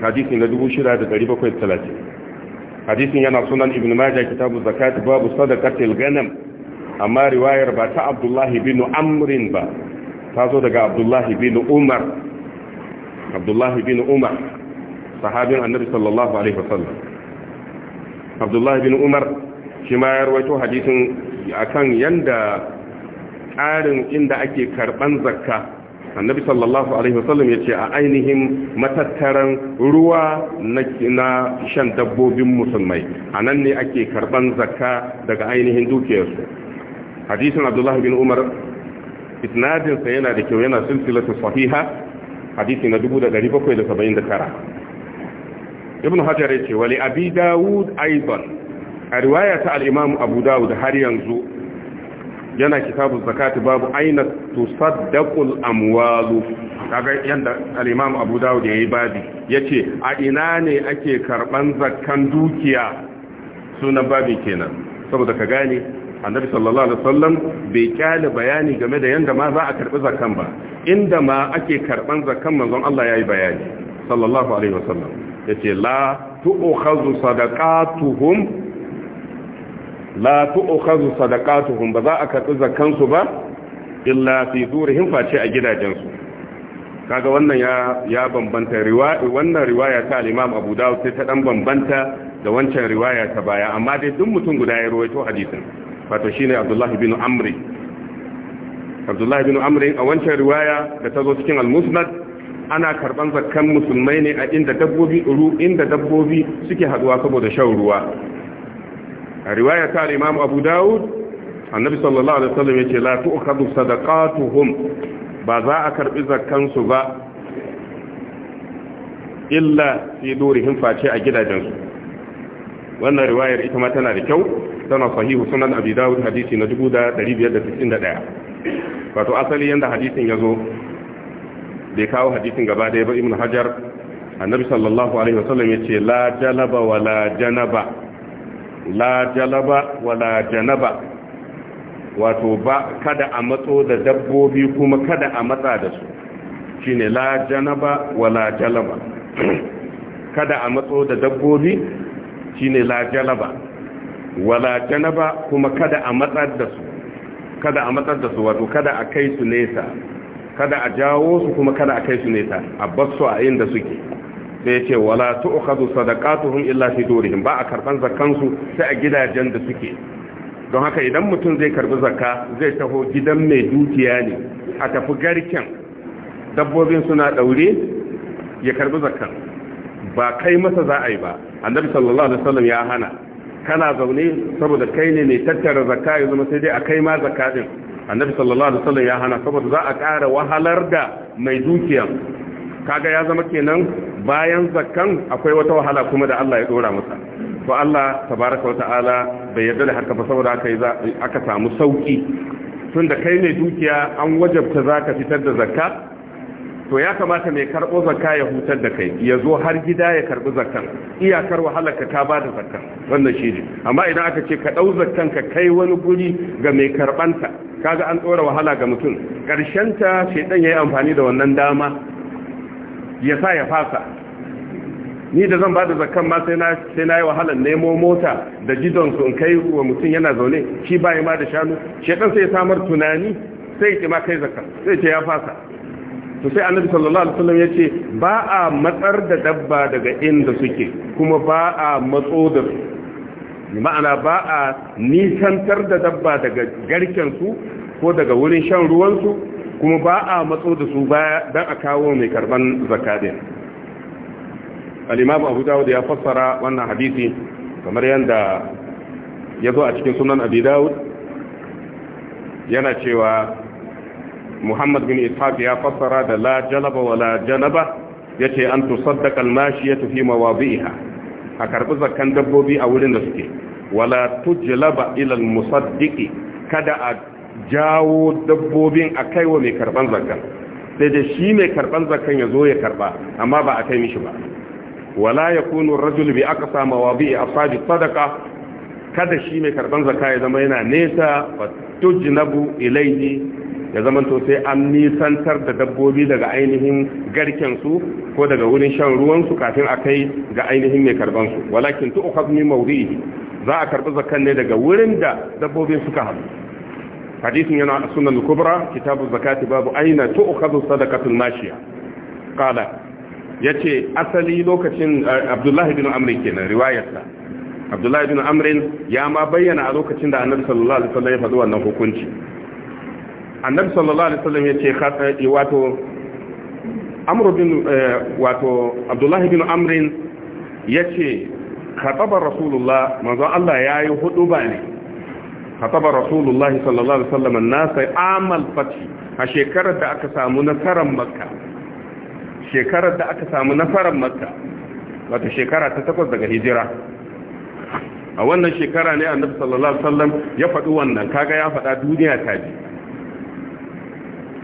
hadisi na 6730 hadisin yana sunan ibn majah kitabu zakat babu sadaqatil ganam amma riwayar ba ta abdullahi bin amrin ba ta zo daga abdullahi bin umar abdullahi bin umar sahabin annabi sallallahu alaihi wasallam abdullahi bin umar shi ma ya rawaito hadisin akan yanda tsarin inda ake karban zakka annabi sallallahu alaihi wasallam ya ce a ainihin matattaran ruwa na shan dabbobin musulmai a nan ne ake karban zakka daga ainihin dukiyarsu hadisin abdullahi bin umar isnadinsa yana da kyau yana silsilatu sahiha hadisi na 1779 ibn hajar ya ce wali abi dawud aidan a riwaya ta al abu dawud har yanzu yana kitabu zakati babu aina saddaƙul amwalu kaga yanda al Abu Dawud yayi babi yace a ina ne ake karɓan zakkan dukiya sunan babi kenan saboda ka gane annabi sallallahu alaihi wasallam bai kyale bayani game da yanda ma za a karbi zakkan ba inda ma ake karban zakkan manzon Allah yayi bayani sallallahu alaihi wasallam ce la tu'khadhu sadaqatuhum la tu'khadhu sadaqatuhum ba za a karɓi zakansu ba illa fi durihim face a gidajensu kaga wannan ya ya bambanta riwaya wannan riwaya ta al-Imam Abu Dawud sai ta dan bambanta da wancan riwaya ta baya amma dai duk mutum guda ya rawaito hadisin wato shine Abdullah ibn Amr Abdullah ibn Amr a wancan riwaya da ta zo cikin al-Musnad ana karban zakkan musulmai ne a inda dabbobi inda dabbobi suke haduwa saboda shan ruwa a riwaya ta imam abu Dawud, annabi sallallahu alaihi wasallam yace la tu'khadhu sadaqatuhum ba za a karbi zakkan su ba illa fi durihim face a gidajensu wannan riwayar ita ma tana da kyau tana sahihu sunan abi Dawud hadisi na 1591 wato asali yanda hadisin yazo bai kawo hadisin gaba ɗaya ba Ibn hajar annabi sallallahu alaihi wasallam yace la jalaba wala janaba la jalaba wala janaba wato ba kada a matso da dabbobi kuma kada a matsa da su shine la janaba wala jalaba kada a matso da dabbobi shine la jalaba wala janaba kuma kada a matsar da su kada a matsar da su wato kada a kai su nesa kada a jawo su kuma kada a kai su nesa a basu a inda suke sai ya ce wala tu'khadhu sadaqatuhum illa fi durihim ba a karban zakansu sai a gidajen da suke don haka idan mutum zai karbi zakka zai taho gidan mai dukiya ne a tafi garken dabbobin suna daure ya karbi zakkan ba kai masa za a yi ba annabi sallallahu alaihi wasallam ya hana kana zaune saboda kai ne mai tattara zakka ya zama sai dai a kai ma zakka din annabi sallallahu alaihi wasallam ya hana saboda za a ƙara wahalar da mai dukiyan kaga ya zama kenan bayan zakkan akwai wata wahala kuma da Allah ya dora masa to Allah tabaraka wa ta'ala bai yarda da haka ba saboda aka aka samu sauki tunda kai ne dukiya an wajabta zaka fitar da zakka to ya kamata mai karbo zakka ya hutar da kai ya zo har gida ya karbi zakkan iyakar wahalar ka ka bada zakkan wannan shi ne amma idan aka ce ka dau zakkan ka kai wani guri ga mai karbanta kaga an ɗora wahala ga mutum karshen ta shedan yayi amfani da wannan dama ya sa ya fasa ni da zan ba da zakan ma sai na yi wahalar nemo mota da gidon su in kai wa mutum yana zaune shi bai ma da shanu shedan sai ya samar tunani sai ya ma kai zakka sai ce ya fasa to sai annabi sallallahu alaihi wasallam yace ba a matsar da dabba daga inda suke kuma ba a matso da su ma'ana ba a nisantar da dabba daga garken su ko daga wurin shan ruwan su kuma ba a matso da su baya don a kawo mai karban zakadin al'imamu abu dawud ya fassara wannan hadisi kamar yadda ya zo a cikin sunan abu dawud yana cewa muhammad bin ishaq ya fassara da la jalaba wa la janaba ya ce an tusaddaka almashi ya tafi mawazi'iha a karbi zakkan dabbobi a wurin da suke wala tujlaba ilal musaddiki kada a jawo dabbobin a kai wa mai karban zakan sai da shi mai karban zakan ya zo ya karba amma ba a kai mishi ba wala ya kuno rajul bi aqsa a fadi sadaka kada shi mai karban zaka ya zama yana nesa wa tujnabu ilayhi ya zama to sai an nisantar da dabbobi daga ainihin garken su ko daga wurin shan ruwansu kafin a kai ga ainihin mai karban su walakin tu ukhadhu min za a karɓi zakan ne daga wurin da dabbobin suka haɗu hadisin yana a sunan kubra kitabu zakati babu aina tu'khadhu sadaqatul mashiya qala yace asali lokacin abdullahi bin amr kenan riwayarsa abdullahi bin amr ya ma bayyana a lokacin da annabi sallallahu alaihi wasallam ya faɗi wannan hukunci annabi sallallahu alaihi wasallam yace wato amr bin abdullahi bin amr yace khataba rasulullah manzo Allah yayi huɗu ba ne khataba rasulullahi sallallahu alaihi wasallam an-nasa amal fath a shekarar da aka samu nasarar makka shekarar da aka samu nasarar makka wata shekara ta takwas daga hijira a wannan shekara ne annabi sallallahu alaihi wasallam ya faɗi wannan kaga ya faɗa duniya ta ji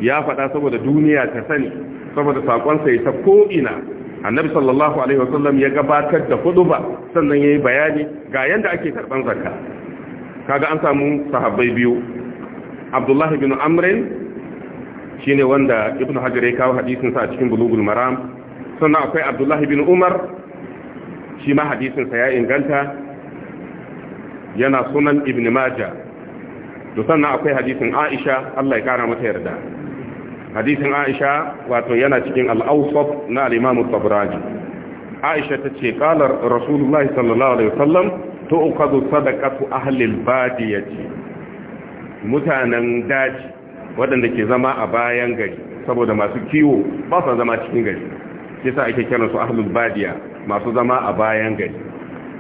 ya faɗa saboda duniya ta sani saboda sakonsa ya ta ko'ina annabi sallallahu alaihi wasallam ya gabatar da hudu ba sannan ya yi bayani ga yadda ake karɓar zakka kaga an samu sahabbai biyu abdullahi bin amrin shine wanda Ibn hajar ya kawo hadisin sa a cikin bulugul maram sannan akwai abdullahi bin umar shi ma hadisin sa ya inganta yana sunan ibn majah to sannan akwai hadisin aisha Allah ya kara mata yarda hadisin aisha wato yana cikin al-awsat na al-imam tabrani aisha tace qala rasulullahi sallallahu alaihi wasallam tu'khadhu sadaqatu ahli al-badiyati mutanen daji waɗanda ke zama a bayan gari saboda masu kiwo ba su zama cikin gari sa ake kiran su ahlul badiya masu zama a bayan gari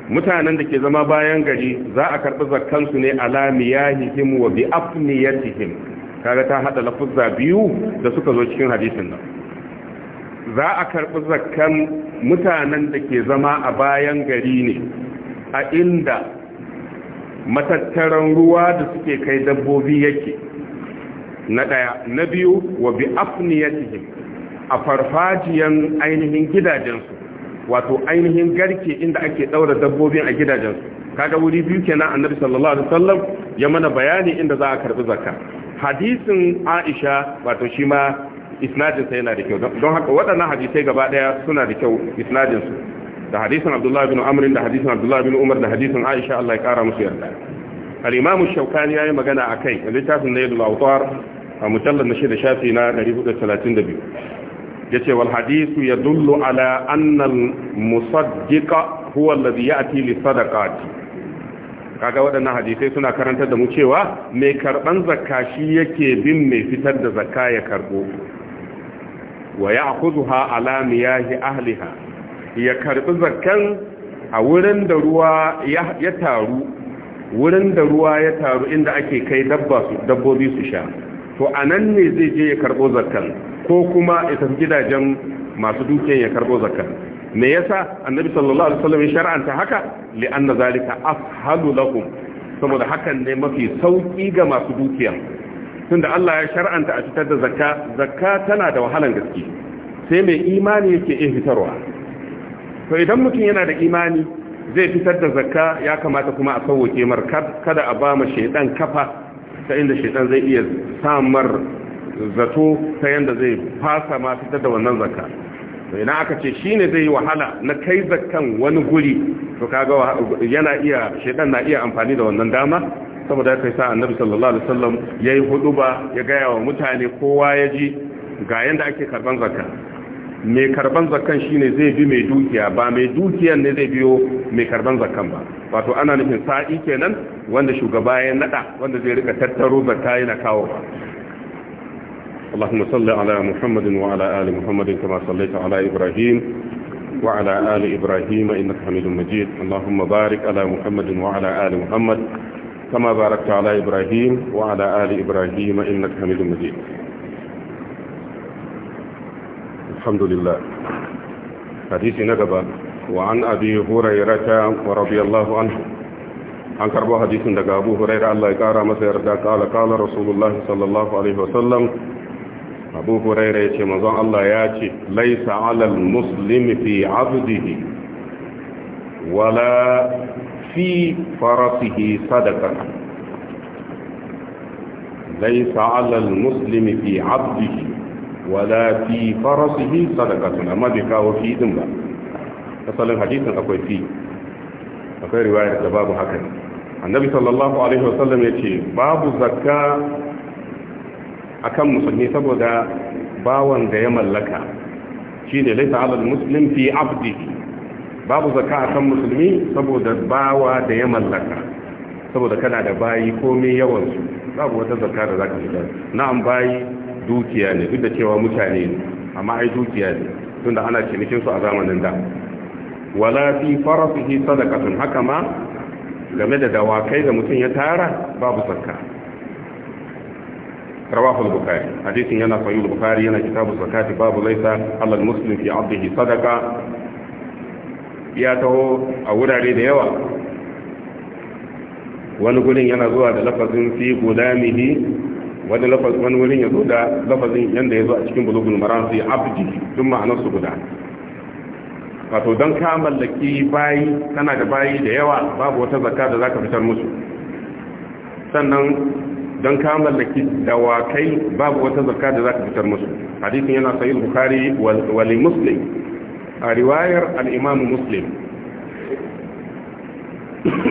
mutanen da ke zama bayan gari za a karɓi zakkansu ne ala miyahihim wa bi afniyatihim kaga ta hada lafuzza biyu da suka zo cikin hadisin nan za a karɓi zakkan mutanen da ke zama a bayan gari ne a inda matattaran ruwa da suke kai dabbobi yake na daya na biyu wa bi afniyatihim a farfajiyan ainihin gidajensu wato ainihin garke inda ake ɗaura dabbobi a gidajensu kaga wuri biyu kenan annabi sallallahu alaihi wasallam ya mana bayani inda za a karbi zakka hadisin Aisha wato shi ma isnadinsa yana da kyau don haka waɗannan hadisai gaba ɗaya suna da kyau su da hadisin abdullahi bin amrin da hadisin abdullahi bin umar da hadisin aisha Allah ya kara musu yarda al-imam shaukani yayi magana akai a littafin nailul awtar a mujallal na shida shafi na 432 yace wal hadithu yadullu ala anna al-musaddiqa huwa alladhi ya'ti li sadaqati kaga waɗannan hadisai suna karantar da mu cewa mai karban zakka shi yake bin mai fitar da zakka ya karbo wa ya'khudha ala miyahi ahliha ya karbi zakan a wurin da ruwa ya taru wurin da ruwa ya taru inda ake kai dabbobi su sha to anan ne zai je ya karbo zakan ko kuma ya tafi gidajen masu dukiyan ya karbo zakan? me yasa annabi sallallahu alaihi wasallam ya shar'anta haka anna zalika afhalu lahum saboda hakan ne mafi sauki ga masu dukiya tunda Allah ya shar'anta a fitar da zakka zakka tana da wahalan gaske sai mai imani yake iya fitarwa to idan mutum yana da imani zai fitar da zakka ya kamata kuma a sauwake mar kada a ba ma shaidan kafa ta inda shaidan zai iya samar zato ta yanda zai fasa ma fitar da wannan zakka to idan aka ce shine zai yi wahala na kai zakkan wani guri to kaga yana iya shaidan na iya amfani da wannan dama saboda ya kai sa annabi sallallahu alaihi wasallam yayi huduba ya gaya wa mutane kowa ya ji ga yanda ake karban zakka mai karban zakkan shine zai bi mai dukiya ba mai dukiyan ne zai biyo mai karban zakkan ba wato ana nufin sa'i kenan wanda shugaba ya nada wanda zai rika tattaro zakka yana kawo اللهم صل على محمد وعلى آل محمد كما صليت على إبراهيم وعلى آل إبراهيم إنك حميد مجيد اللهم بارك على محمد وعلى آل محمد كما باركت على إبراهيم وعلى آل إبراهيم إنك حميد مجيد الحمد لله حديث نقبة وعن أبي هريرة ورضي الله عنه عن كربو حديث دقى أبو هريرة الله يقارى مسير قال قال رسول الله صلى الله عليه وسلم أبو هريرة يتي مزان الله ياتي ليس على المسلم في عبده ولا في فرسه صدقة ليس على المسلم في عبده wala fi farasihi sadaqatun amma bai kawo fi din ba asalin hadisin akwai fi akwai riwaya da babu haka annabi sallallahu alaihi wasallam ya ce babu zakka akan musulmi saboda bawan da ya mallaka shine laisa ala muslim fi abdi. babu zakka akan musulmi saboda bawa da ya mallaka saboda kana da bayi komai yawan su babu wata zakka da zaka fitar na'am bayi dukiya ne duk da cewa mutane ne amma ai dukiya ne tunda ana cinikin su a zamanin da wala fi farasihi sadaqatun haka ma game da dawakai da mutum ya tara babu zakka rawahu bukhari hadisin yana sahih bukari bukhari yana kitabu zakati babu laysa Allah muslim fi 'abdihi sadaqa ya taho a wurare da yawa wani gurin yana zuwa da lafazin fi gulamihi wani lafaz wani wurin ya zo da lafazin yanda ya zo a cikin bulugul maram sai abdi duk ma'anar su guda wato don ka mallaki bayi kana da bayi da yawa babu wata zakka da zaka fitar musu sannan don ka mallaki dawakai babu wata zakka da zaka fitar musu hadisin yana sahih bukhari wa li muslim a riwayar al-imam muslim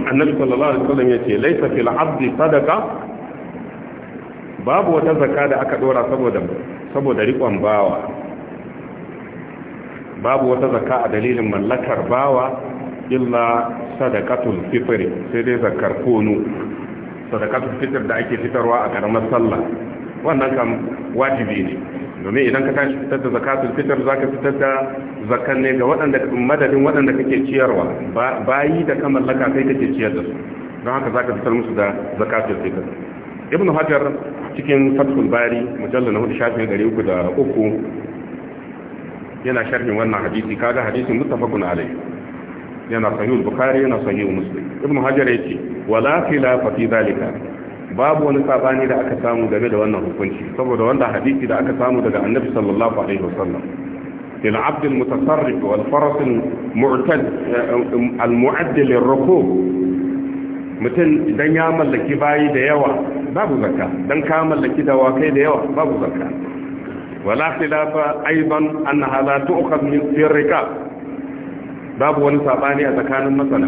annabi sallallahu alaihi wasallam yace laysa fil abdi sadaqa babu wata zakka da aka dora saboda saboda riƙon bawa babu wata zakka a dalilin mallakar bawa illa sadaqatul fitr sai dai zakkar kunu sadaqatul fitr da ake fitarwa a karamar sallah wannan kam wajibi ne domin idan ka tashi fitar da zakatul fitr zaka fitar da zakan ne ga waɗanda madadin waɗanda kake ciyarwa bayi da kan mallaka kai kake ciyar da su don haka zaka fitar musu da zakatul fitr ibn hajar cikin fathul bari mujalla na hudu shafin gari uku da uku yana sharhin wannan hadisi kaga hadisin muttafaqun alayh yana sahih bukhari yana sahih muslim ibn hajar yace wala khilafa fi zalika babu wani sabani da aka samu game da wannan hukunci saboda wanda hadisi da aka samu daga annabi sallallahu alaihi wasallam lil abd al mutasarrif wal faras al mu'tad eh, al mu'addil al rukub mutum idan ya mallaki bayi da yawa babu zakka dan ka mallaki dawakai da yawa babu zakka wala khilafa aidan annaha la tu'khad min sirrika babu wani sabani a tsakanin masana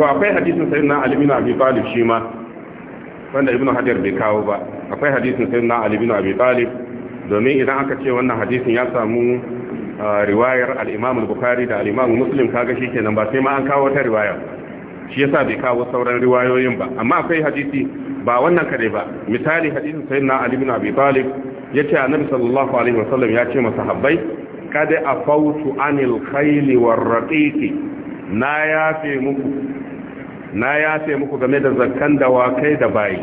to akwai hadisin sayyidina ali bin abi talib shi ma wanda ibnu hajar bai kawo ba akwai hadisin sayyidina ali bin abi talib domin idan aka ce wannan hadisin ya samu ah, riwayar al-imam al-bukhari da al-imam muslim kaga shikenan ba sai ma an kawo ta riwayar shi yasa bai kawo sauran riwayoyin ba amma akwai hadisi ba wannan kare ba misali hadisin sayyidina ali bin abi talib yace annabi sallallahu alaihi wasallam ya ce masahabbai kad afautu anil khayli war raqiqi na yafe muku na yafe muku game da zakkan wakai da bayi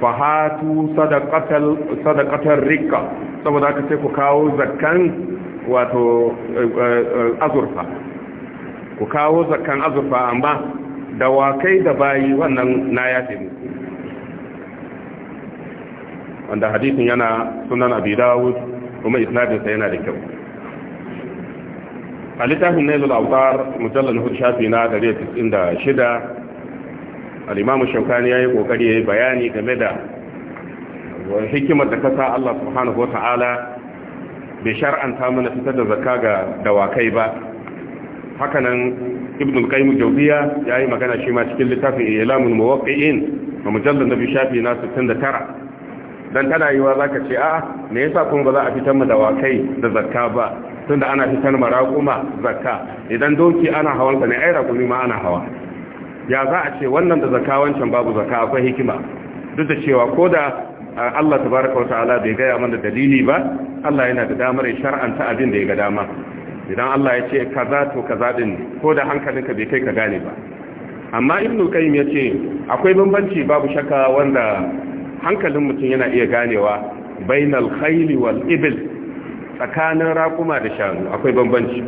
fahatu sadaqatal sadaqatar rikka saboda haka sai ku kawo zakkan wato eh, eh, eh, azurfa ku kawo zakkan azurfa amma dawakai da bayi wannan na ya ce wanda hadisin yana sunan abi dawud kuma isnadinsa yana da kyau a littafin nailul autar mujallar hudu shafi na shida, al'imamu shaukani ya yi kokari ya yi bayani game da hikimar da kasa Allah subhanahu wa ta'ala bai shar'anta mana fitar da zakka ga dawakai ba hakanan ibn al-qayyim jawziya yayi magana shi ma cikin littafin ilamul muwaqqi'in a na nabi shafi na 69 dan tana yiwa zaka ce a me yasa kuma ba za a fitar mu da wakai da zakka ba tunda ana fitar ma raquma zakka idan doki ana hawan na ne ai raqumi ma ana hawa ya za a ce wannan da zakka wancan babu zakka akwai hikima duk da cewa koda Allah tabaraka wa ta'ala bai gaya mana dalili ba Allah yana da damar shar'anta abin da ya ga dama idan Allah ya ce kaza to kaza din ko da hankalinka bai kai ka gane ba amma ibnu qayyim ya ce akwai bambanci babu shakka wanda hankalin mutum yana iya ganewa bainal khayli wal ibil tsakanin raƙuma da shanu akwai bambanci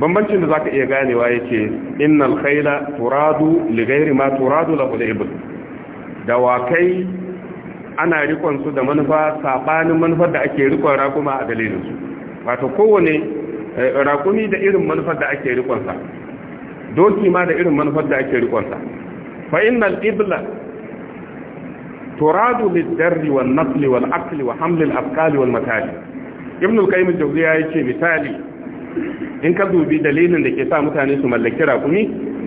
bambancin da zaka iya ganewa yace innal khayla turadu li ghairi ma turadu lahu al wa dawakai ana rikon su da manufa sabanin manufar da ake rikon raƙuma a dalilin su wato kowane Eh, rakumi da irin manufar da ake rikonsa doki ma da irin manufar da ake rikonsa fa innal qibla turadu lid-darri wan-naqli wal-aqli wa hamli al-afkali wal-matali ibn al-qayyim jawziya yace misali in ka dubi dalilin da ke sa mutane su mallaki rakumi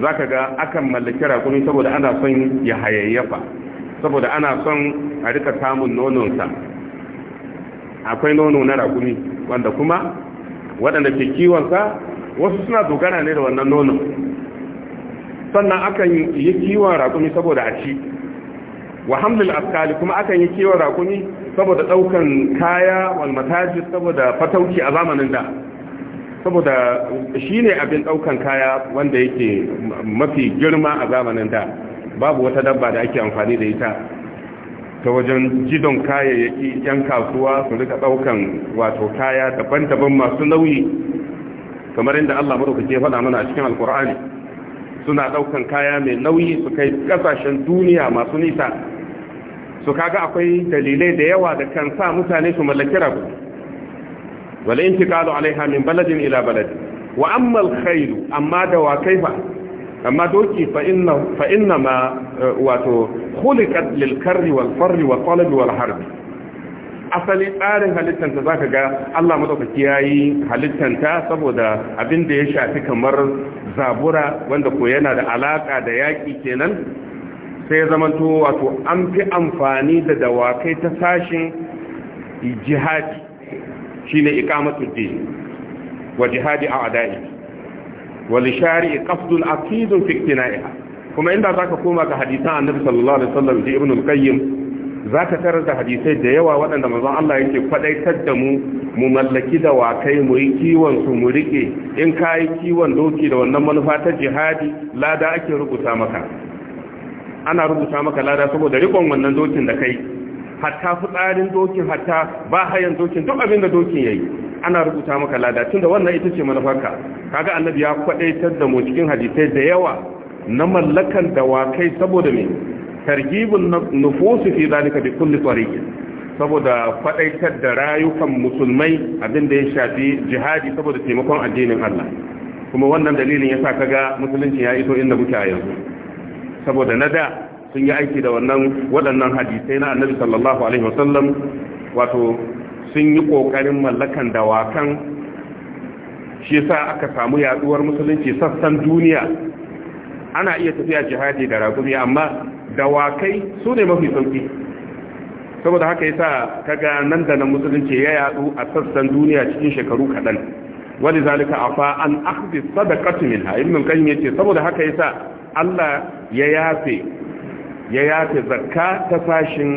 zaka ga akan mallaki rakumi saboda ana son ya hayayyafa saboda ana son a rika samun nononsa akwai nono na rakumi wanda kuma waɗanda ke kiwonsa wasu suna dogara ne da wannan nono, sannan akan yi kiwon rakumi saboda a ci wa hamlil askali kuma akan yi kiwon rakumi saboda ɗaukan kaya wal mataji saboda fatauki a zamanin da saboda shi ne abin ɗaukan kaya wanda yake mafi girma a zamanin da babu wata dabba da ake amfani da ita ta wajen gidon kayayyaki 'yan kasuwa su rika ɗaukan wato kaya daban-daban masu nauyi kamar inda Allah maɗaukake faɗa mana a cikin alkur'ani suna ɗaukan kaya mai nauyi su kai ƙasashen duniya masu nisa su kaga akwai dalilai da yawa da kan sa mutane su mallaki rabu wala intiqalu alaiha min baladin ila balad wa amma amma da wa kaifa amma doki fa inna ma eh, wato khuliqat lil karri wal farri wal talab asali tsarin halittanta zaka ga Allah madaukaki yayi halittanta saboda abin da ya shafi kamar zabura wanda ko yana da alaka da yaki kenan sai ya zamanto wato an fi amfani da dawakai ta sashin jihadi shine iqamatul din wa jihadi a'da'i wal shari'i qasdun aqidun fi kuma inda ka koma ga hadisan annabi sallallahu alaihi wasallam da ibn al-qayyim zaka tarar da hadisai da yawa waɗanda manzon Allah yake kwadaitar da mu mu mallaki da wakai mu yi kiwon su mu rike in yi kiwon doki da wannan manufa ta jihadi lada ake rubuta maka ana rubuta maka lada saboda rikon wannan dokin da kai hatta fitsarin dokin hatta ba hayan dokin duk abin da dokin yayi ana rubuta maka lada tun da wannan ita ce manufarka kaga annabi ya kwadaitar da mu cikin hadisai da yawa na mallakan dawakai saboda me targibun nufusu fi zalika bi kulli tariq saboda kwadaitar da rayukan musulmai abinda ya shafi jihadi saboda taimakon addinin Allah kuma wannan dalilin yasa kaga musulunci ya iso inda muke a yanzu saboda na da sun yi aiki da wannan waɗannan hadisai na annabi sallallahu alaihi wasallam wato sun yi ƙoƙarin mallakan dawakan shi sa aka samu yaduwar musulunci sassan duniya ana iya tafiya jihadi da ragumi amma dawakai su ne mafi sauki saboda haka yasa kaga nan da nan musulunci ya yadu a sassan duniya cikin shekaru kaɗan wani zalika afa an akhdi sadaqatu minha ibn qayyim yace saboda haka yasa Allah ya yafe ya yafe zakka ta fashin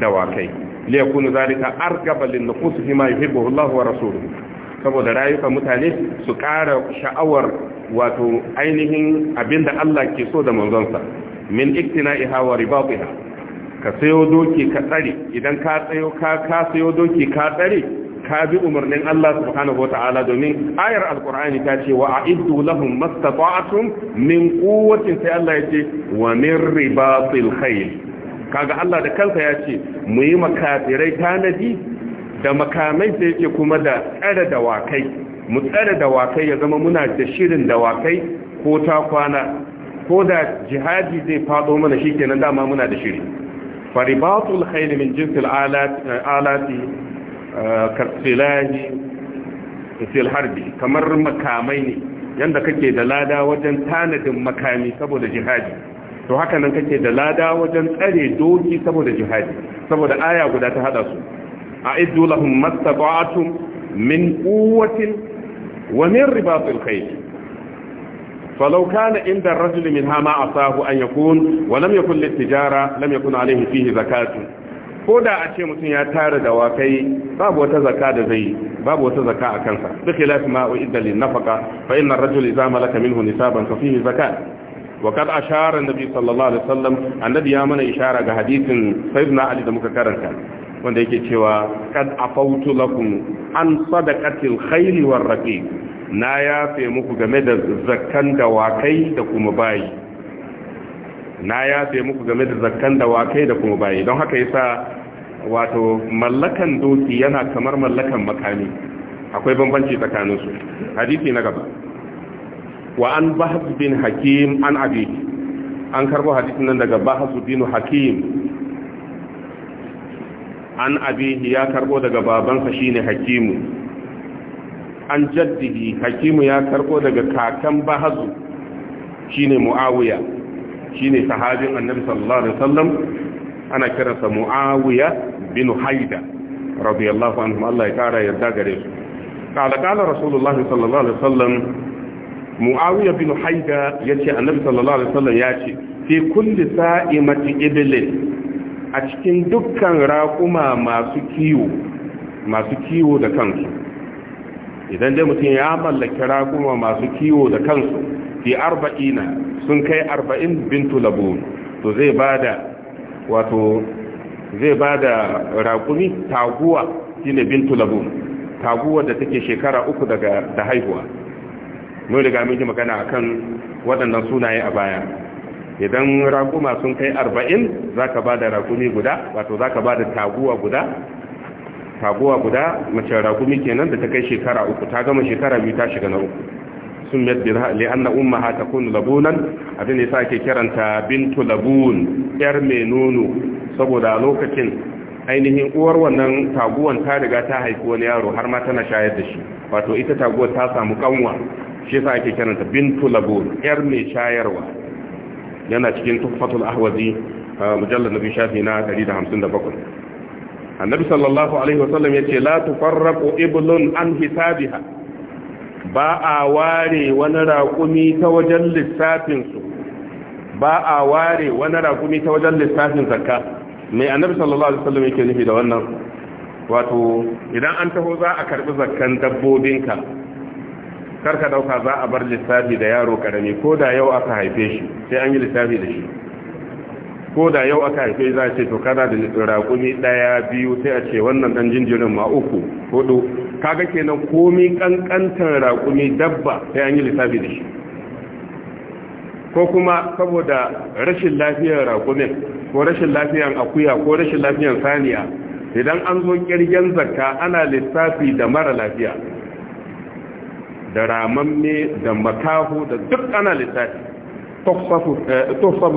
dawakai li yakunu zalika arqaba lin nufus bima yuhibbu Allah wa rasuluhu saboda rayuka mutane su ƙara sha'awar wato ainihin abinda Allah ke so da manzonsa min iktina'iha wa ribatiha ka sayo doki ka tsare idan ka tsayo ka ka sayo doki ka tsare ka bi umarnin Allah subhanahu wata'ala domin ayar alkur'ani ta ce wa a'iddu lahum mastata'tum min quwwatin sai Allah yace wa min ribatil khayl kaga Allah da kansa ya ce mu yi makafirai tanadi da makamai sai yake kuma da tsare dawakai mu tsare dawakai ya zama muna da shirin dawakai ko ta kwana ko da jihadi zai fado mana shikenan dama muna da shiri faribatul khayl min jinsil alati eh, karsilahi fil harbi kamar makamai ne yanda kake da lada wajen tanadin makami saboda jihadi to haka nan kake da lada wajen tsare doki saboda jihadi saboda aya guda ta hada su a'iddu lahum mastata'tum min quwwatin wa min ribatil khayl فلو كان عند الرجل منها ما أصاه أن يكون ولم يكن للتجارة لم يكن عليه فيه زكاة ko da a ce mutum ya tara dawakai babu wata zaka da zai babu wata zaka a kansa duk ilafi ma wa idda fa inna ar-rajula idza malaka minhu nisaban fa fihi zakat wa kad ashara annabi sallallahu alaihi wasallam annabi ya mana ishara ga hadisin sayyidina ali da muka karanta wanda yake cewa kad afautu lakum an sadaqatil khayli war raqiq na yafe muku game da zakkan dawakai da kuma bayi na yafe muku game da zakkan dawakai da kuma bayi don haka yasa wato mallakan doki yana kamar mallakan makami akwai bambanci tsakaninsu hadisi na gaba wa an bahz bin hakim an abi an karbo hadisin nan daga bahz bin hakim an abi ya karbo daga babansa shine hakimu an jaddihi hakimu ya karbo daga kakan bahazu shine muawiya shine sahabin annabi sallallahu alaihi wasallam ana kiransa muawiya bin haida radiyallahu anhu Allah ya kara yarda gare su qala qala rasulullahi sallallahu alaihi wasallam muawiya bin haida yace annabi sallallahu alaihi wasallam ya ce fi kulli sa'imati iblis a cikin dukkan raƙuma masu kiwo masu kiwo da kansu idan dai mutum ya mallaki raƙuma masu kiwo da kansu fi arba'ina sun kai arba'in bintu labu to zai bada wato zai bada raƙumi taguwa shine bintu labu taguwa da take shekara uku daga da haihuwa mun riga mun yi magana akan waɗannan sunaye a baya idan raƙuma sun kai arba'in za ka ba da guda wato za ka taguwa guda taguwa guda mace raƙumi kenan da ta kai shekara uku ta gama shekara biyu ta shiga na uku sun yadda li'anna umma ha ta labunan abin da yake kiranta bintu labun yar mai nono saboda lokacin ainihin uwar wannan taguwan ta riga ta haifi wani yaro har ma tana shayar da shi wato ita taguwar ta samu kanwa shi yasa ake kiranta bintu labun yar mai shayarwa yana cikin tuhfatul ahwazi mujallal nabi shafi na 157 annabi sallallahu alaihi wa wasallam yace la tufarraqu iblun an hisabiha ba a ware wani raƙumi ta wajen lissafin su ba a ware wani raƙumi ta wajen lissafin zakka mai annabi sallallahu alaihi wasallam yake nufi da wannan wato idan an taho za a karbi zakkan dabbobinka karka dauka za a bar lissafi da yaro karami ko da yau aka haife shi sai an yi lissafi da shi ko da yau aka haife za a ce to kana da raƙumi ɗaya biyu sai a ce wannan ɗan jinjirin ma uku hudu kaga kenan komi ƙanƙantar raƙumi dabba sai an yi lissafi da shi ko kuma saboda rashin lafiyar raƙumin ko rashin lafiyar akuya ko rashin lafiyar saniya idan an zo ƙirgen zakka ana lissafi da mara lafiya da ramamme da makahu da duk ana lissafi tufsafu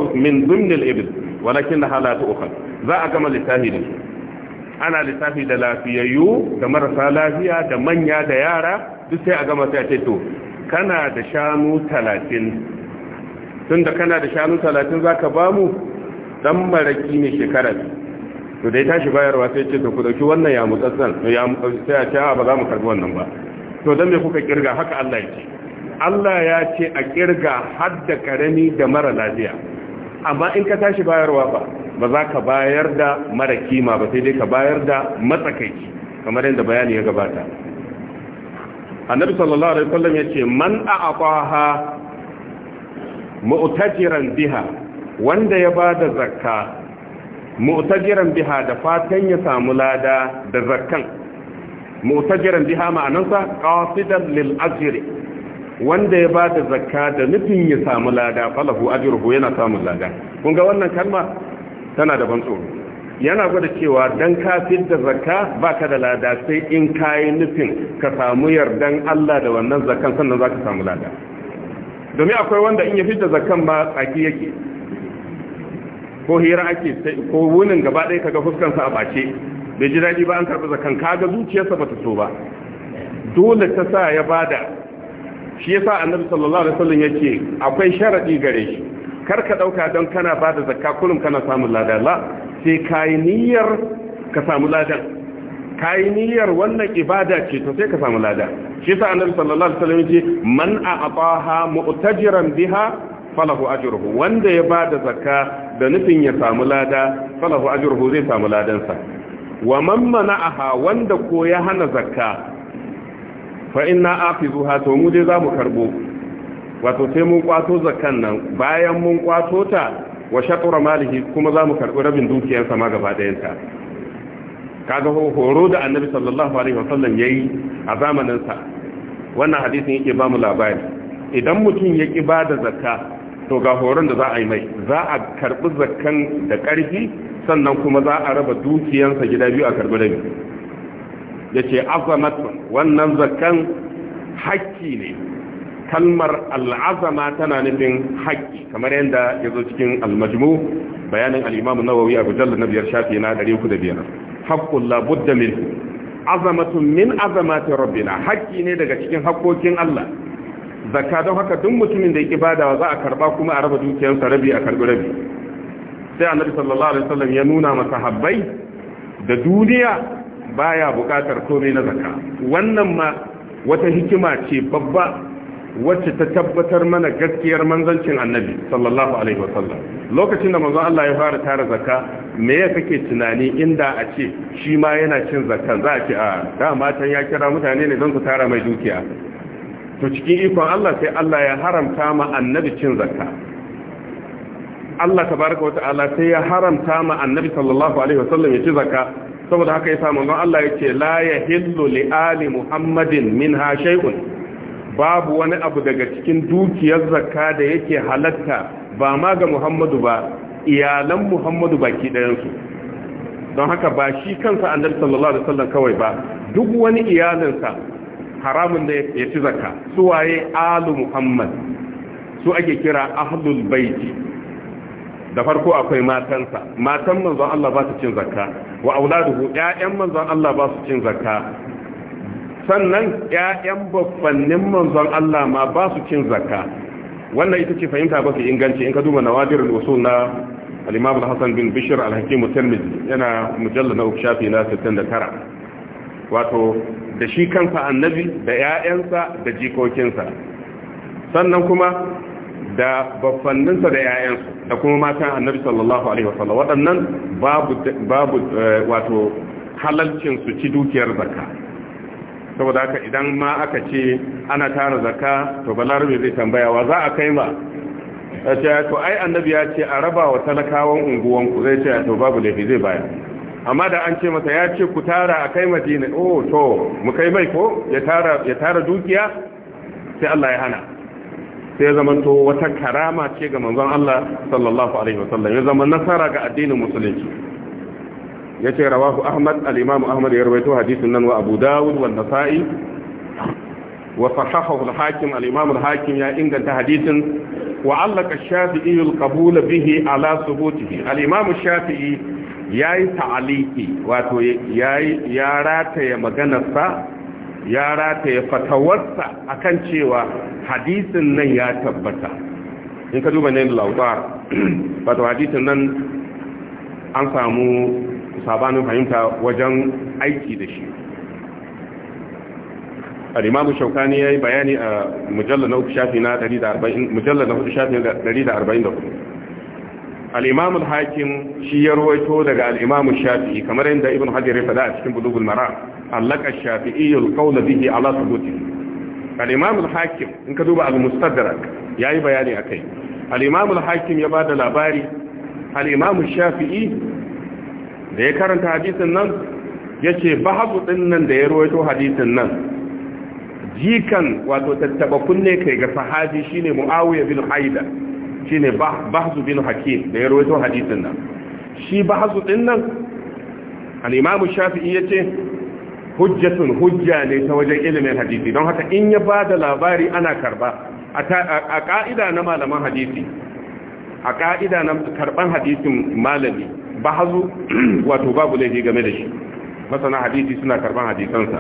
eh, min zumnil ibil walakin da halatu ukhra za a gama lissafi da ana lissafi da lafiyayyu da marasa lafiya da manya da yara duk sai a gama sai a ce to kana da shanu 30 tunda kana da shanu 30 zaka ba mu dan maraki ne shekara to dai tashi bayarwa sai ce to ku dauki wannan ya mutsatsan ya sai a ce ba za mu karbi wannan ba to don me kuka kirga haka Allah ya ce Allah ya ce a kirga hadda da karami da mara lafiya amma in ka tashi bayarwa ba ba za ka bayar da mara kima ba sai dai ka bayar da matsakaici kamar yadda bayani ya gabata annabi sallallahu alaihi wasallam ya ce man a'ataha mu'tajiran biha wanda ya bada zakka mu'tajiran biha da fatan ya samu lada da zakkan mutajiran biha ma'anansa qasidan lil ajri wanda ya bada zakka da nufin ya samu lada falahu ajruhu yana samun lada kun ga wannan kalma tana da ban tsoro yana gwada cewa dan ka fidda zakka baka da lada sai in kai nufin ka samu yardan Allah da wannan zakkan sannan zaka samu lada domin akwai wanda in ya fidda zakkan ba tsaki yake ko hira ake ko wunin gaba ɗaya kaga fuskansa a bace bai ji daɗi ba an karɓi zakan kaga zuciyarsa bata so ba dole ta sa ya bada shi yasa annabi sallallahu alaihi wasallam yake akwai sharadi gare shi kar ka dauka don kana bada zakka kullum kana samun lada la sai kai niyyar ka samu ladan kai niyyar wannan ibada ce to sai ka samu lada shi yasa annabi sallallahu alaihi wasallam yake man a'taha mu'tajiran biha falahu ajruhu wanda ya bada zakka da nufin ya samu lada falahu ajruhu zai samu sa. wa man mana'aha wanda ko ya hana zakka fa inna afizuha to mu dai zamu karbo wato sai mun kwato zakkan nan bayan mun kwato ta wa shatura malihi kuma zamu karbi rabin dukiyarsa ma gaba ɗayan ta kaga horo da annabi sallallahu alaihi wasallam yayi a zamanin sa wannan hadisin yake ba mu labari idan mutum ya ki bada zakka to ga horon da za a yi mai za a karbi zakkan da ƙarfi sannan kuma za a raba dukiyansa gida biyu a karbi rabi ya ce azamatun wannan zakan haƙƙi ne kalmar al'azama tana nufin haƙƙi kamar yadda ya zo cikin almajmu bayanin al'imamu nawawi a gujallar na biyar shafi na ɗari uku da biyar haƙƙun labudda min azamatun min azamatin rabbina haƙƙi ne daga cikin haƙƙokin Allah zakka don haka duk mutumin da ya ƙi badawa za a karɓa kuma a raba dukiyansa rabi a karɓi rabi sai annabi sallallahu alaihi wasallam ya nuna masa habbai da duniya baya bukatar komai na zakka wannan ma wata hikima ce babba wacce ta tabbatar mana gaskiyar manzancin annabi sallallahu alaihi wasallam lokacin da manzon Allah ya fara tara zakka me ya kake tunani inda a ce shi ma yana cin zakka za a ce a dama tan ya kira mutane ne don ku tara mai dukiya to cikin ikon Allah sai Allah ya haramta ma annabi cin zakka Allah baraka wa ta'ala sai ya haramta ma annabi sallallahu alaihi wasallam ya ci zakka saboda haka ya samu Allah ya ce la hillu li ali muhammadin min ha shay'un babu wani abu daga cikin dukiyar zakka da yake halatta ba ma ga muhammadu ba iyalan muhammadu baki dayan su don haka ba shi kansa annabi sallallahu alaihi wasallam kawai ba duk wani iyalinsa haramun da ya ci zakka waye alu muhammad su ake kira ahlul baiti da farko akwai matansa matan manzon Allah ba su cin zakka wa auladuhu ƴaƴan manzon Allah ba su cin zakka sannan ƴaƴan babbannin manzon Allah ma ba su cin zakka wannan ita ce fahimta ba su inganci in ka duba nawadirul usul na al-Imam al-Hasan bin Bishr al-Hakim at-Tirmidhi yana mujallal na shafi na 69 wato da shi kansa annabi da 'ya'yansa da jikokinsa sannan kuma da bafanninsa da yayansu da kuma matan annabi sallallahu alaihi wasallam waɗannan babu babu eh, wato halalcin su ci dukiyar zakka saboda haka idan ma aka ce ana tara zakka to balarabe zai tambaya wa za a kai ma ce to ai annabi ya ce a raba wa talakawan unguwanku zai ce to babu laifi zai bayar amma da an ce masa ya ce ku tara a kai madina oh to mu kai mai ko ya tara ya tara dukiya sai Allah ya hana sai zamanto wata karama ce ga manzon Allah sallallahu alaihi wasallam ya zama nasara ga addinin musulunci yace rawahu Ahmad al-Imam Ahmad ya rawaito hadisin nan wa Abu Dawud wa Nasa'i wa sahahahu al-Hakim al-Imam al-Hakim ya inganta hadisin wa allaka Shafi'i al-qabul bihi ala subutihi al-Imam Shafi'i yayi ta'aliki wato yayi ya rataya maganarsa ya rataya fatawarsa akan cewa hadisin nan ya tabbata in ka duba nayin lautar wato hadisin nan an samu sabanin fahimta wajen aiki da shi al'imamu shaukani ya yi bayani a mujallar na uku shafi na 144 al'imamun hakim shi ya ruwaito daga al'imamun shafi kamar yadda ibn hajjar ya fada a cikin bulugul mara allaka shafi'i yulkau da bihi ala subuti al al-hakim in ka duba al-mustadrak yayi bayani a kai. imam al-hakim ya ba da labari al shafi'i da ya karanta hadisin nan yace bahabu din nan da ya ruwaito hadisin nan jikan wato tattaba kunne kai ga sahadi shine muawiya bin haida shine bahzu bin hakim da ya ruwaito hadisin nan shi bahzu din nan al Shafi'i shafi'i yace hujjatun hujja ne ta wajen ilimin hadisi don haka in ya ba da labari ana karba a ka'ida na malaman hadisi a ka'ida na karban hadisin malami ba hazu wato babu laifi game da shi masana hadisi suna karban hadisansa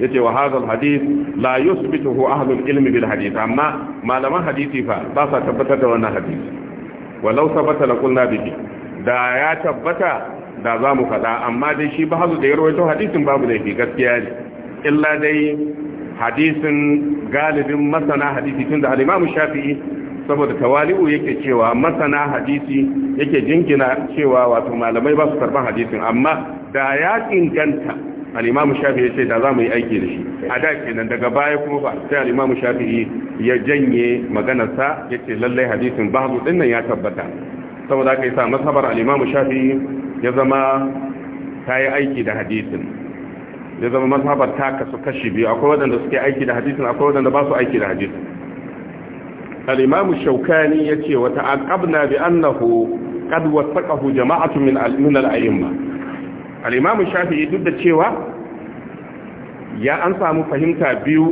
ya ce wa hazal hadis la yusbitu hu ahlul ilmi bil hadis amma malaman hadisi fa ba sa tabbatar da wannan hadisi walau sabata la qulna bihi da ya tabbata da za mu faɗa amma dai shi ba hazu da ya rawaito hadisin babu laifi gaskiya ne illa dai hadisin galibin masana hadisi tun da alimamu shafi'i saboda tawali'u yake cewa masana hadisi yake jingina cewa wato malamai ba su karban hadisin amma da ya inganta al'imamu shafi ya ce da za mu yi aiki da shi a da kenan daga baya kuma ba sai al'imamu Shafi'i ya janye maganarsa ya ce lallai hadisin babu ɗin nan ya tabbata saboda aka yi sa masabar al'imamu Shafi'i. ya zama ta yi aiki da hadisin ya zama mazhabar ta kasu kashi biyu akwai waɗanda suke aiki da hadisin akwai waɗanda ba su aiki da hadisin al'imamu shaukani ya ce wata alƙabna bi annahu qad wasaqahu jama'atu min al-min al-a'imma al-imamu shafi'i duk da cewa ya an samu fahimta biyu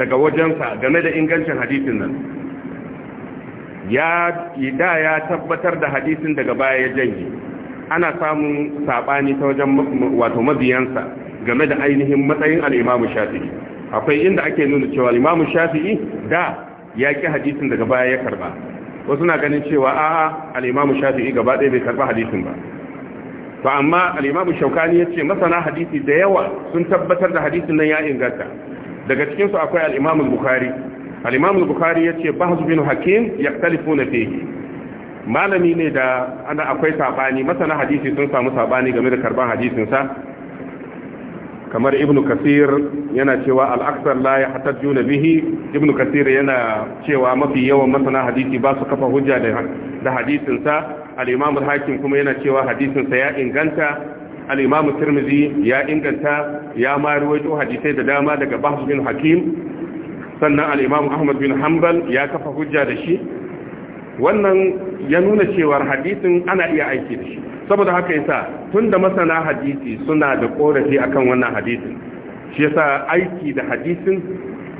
daga wajensa game da ingancin hadisin nan ya da ya tabbatar da hadisin daga baya ya janye ana samun saɓani ta wajen wato mabiyansa game da ainihin matsayin al'imamu shafi'i akwai inda ake nuna cewa al'imamu shafi'i da ya ƙi hadisin daga baya ya karba wasu na ganin cewa a'a al'imamu shafi'i gaba ɗaya bai karba hadisin ba to amma al'imamu shaukani ya ce masana hadisi da yawa sun tabbatar da hadisin nan ya inganta daga cikinsu akwai al'imamu bukari al'imamu bukari ya ce bahaz bin hakim ya talifuna fihi malami ne da ana akwai sabani masana hadisi sun samu sabani game da karban hadisinsa kamar ibnu kasir yana cewa al'aksar la ya hatajju na bihi ibnu kasir yana cewa mafi yawan masana hadisi ba su kafa hujja da hadisinsa al'imamu hakim kuma yana cewa hadisinsa ya inganta al'imamu tirmizi ya inganta ya mari ruwaito hadisai da dama daga bahs bin hakim sannan al'imamu ahmad bin hanbal ya kafa hujja da shi wannan ya nuna cewar hadisin ana iya aiki da shi saboda haka yasa da masana hadisi suna da korafi akan wannan hadisin shi yasa aiki da hadisin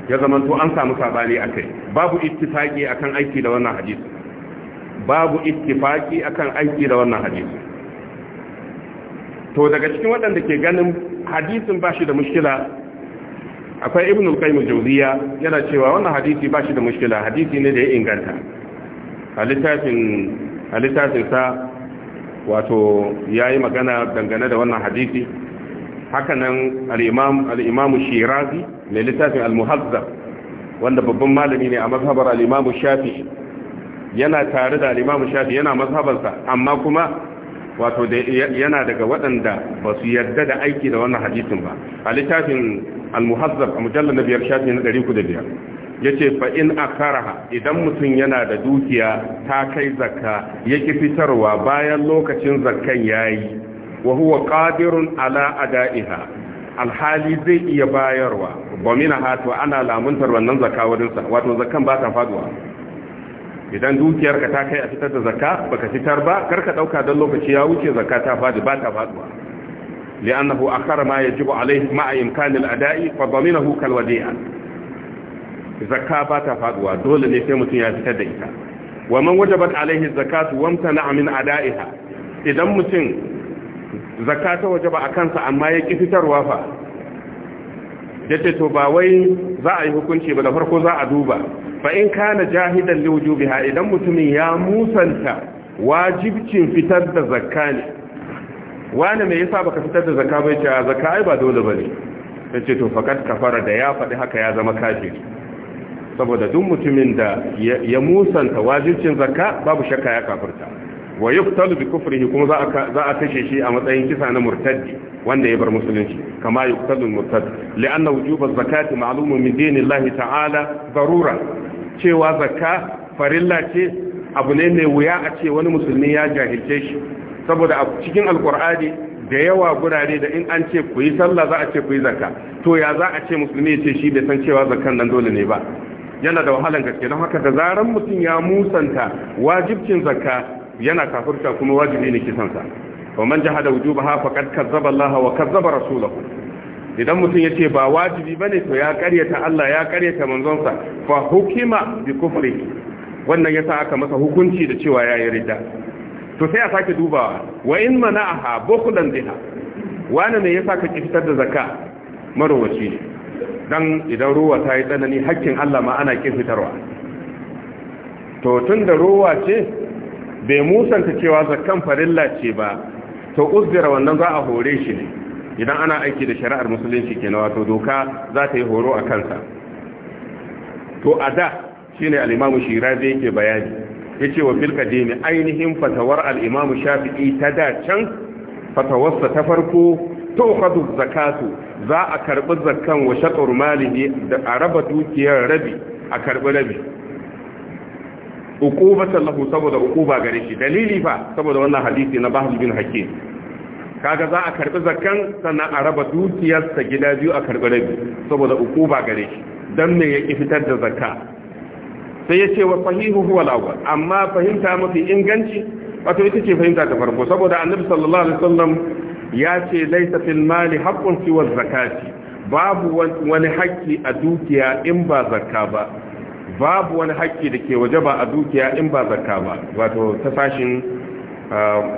ya to an samu sabani akai babu ittifaqi akan aiki da wannan hadisin babu ittifaqi akan aiki da wannan hadisin to daga cikin waɗanda ke ganin hadisin bashi da mushkila akwai ibnu al-qayyim al-jawziya yana cewa wannan hadisi bashi da mushkila hadisi ne da ya inganta a littafin sa wato ya yi magana dangane da wannan hadisi hakanan al'imamu shirazi mai littafin al muhazza wanda babban malami ne a mazhabar al'imamu shafi yana tare da al'imamu shafi yana mazhabarsa amma kuma wato yana daga waɗanda ba su yarda da aiki da wannan hadisin ba a littafin al muhazza a mujallar na biyar shafi na ya ce fa'in a karaha idan mutum yana da dukiya ta kai zakka ya ki fitarwa bayan lokacin zakkan ya yi wa huwa ƙadirun ala ada'iha alhali zai iya bayarwa Ba bomina hatu ana lamuntar wannan zakka wurinsa wato zakkan ba ta faduwa idan dukiyarka ta kai a fitar da zakka ba ka fitar ba karka ɗauka don lokaci ya wuce zakka ta fadi ba ta faduwa li'annahu akhara ma yajibu alaihi ma'a imkanil ada'i fa dhaminahu kalwadi'a zakka ba ta faduwa dole ne sai mutum ya fitar da ita wa man wajabat alaihi zakatu wamtana min ada'iha idan mutum zakka ta wajaba a kansa amma ya ki fitarwa fa yace to ba wai za a yi hukunci ba da farko za a duba fa in kana jahidan li wujubiha idan mutumin ya musanta wajibcin fitar da zakka ne wani me yasa baka fitar da zakka bai ce zakka ai ba dole bane yace to fakat kafara da ya faɗi haka ya zama kafiri saboda duk mutumin da ya musanta wajibcin zakka babu shakka ya kafirta wa yuftalu bi kufrihi kuma za a a kashe shi a matsayin kisa na murtaddi wanda ya bar musulunci kama yuftalu murtad li'anna wujuba zakati ma'lumun min dinillahi ta'ala darura cewa zakka farilla ce abu ne mai wuya a ce wani musulmi ya jahilce shi saboda cikin alkur'ani da yawa gurare da in an ce ku yi sallah za a ce ku yi zakka to ya za a ce musulmi ya ce shi bai san cewa zakkan nan dole ne ba yana da wahalan gaske don haka da zaran mutum ya musanta wajibcin zakka yana kafirta kuma wajibi ne kisansa wa man jahada wujubaha faqad kazzaba Allah wa kazzaba rasulahu idan mutum ya ce ba wajibi bane to ya karyata Allah ya karyata manzonsa fa hukima bi kufri wannan yasa aka masa hukunci da cewa yayi ridda to sai a sake dubawa wa in mana'aha bukhlan biha wani ne yasa ka ki da zakka marwaci ne dan idan ruwa ta yi tsanani hakkin Allah ma ana kin fitarwa to tun da ruwa ce bai musanta cewa zakkan farilla ce ba to uzbira wannan za a hore shi ne idan ana aiki da shari'ar musulunci kenan wato doka za ta yi horo a kansa to a da shine al-imamu shirazi yake bayani yace wa fil qadimi ainihin fatawar al shafi'i ta da can fatawarsa ta farko to khadu zakatu za a karbi zakan wa shaqar malihi da a raba dukiyar rabi a karbi rabi uqubatan lahu saboda uquba gare shi dalili fa saboda wannan hadisi na Bahd bin Hakim kaga za a karbi zakan sannan a raba dukiyarsa gida biyu a karbi rabi saboda uquba gare shi dan me yake fitar da zakka sai yace wa sahihu huwa al-awwal amma fahimta mafi inganci wato ita ce fahimta ta farko saboda annabi sallallahu alaihi wasallam ya ce laisa fil mali haqqun siwa zakati babu wani haƙƙi a dukiya in ba zakka ba babu wani haƙƙi da ke waje ba a dukiya in ba zakka ba wato ta sashin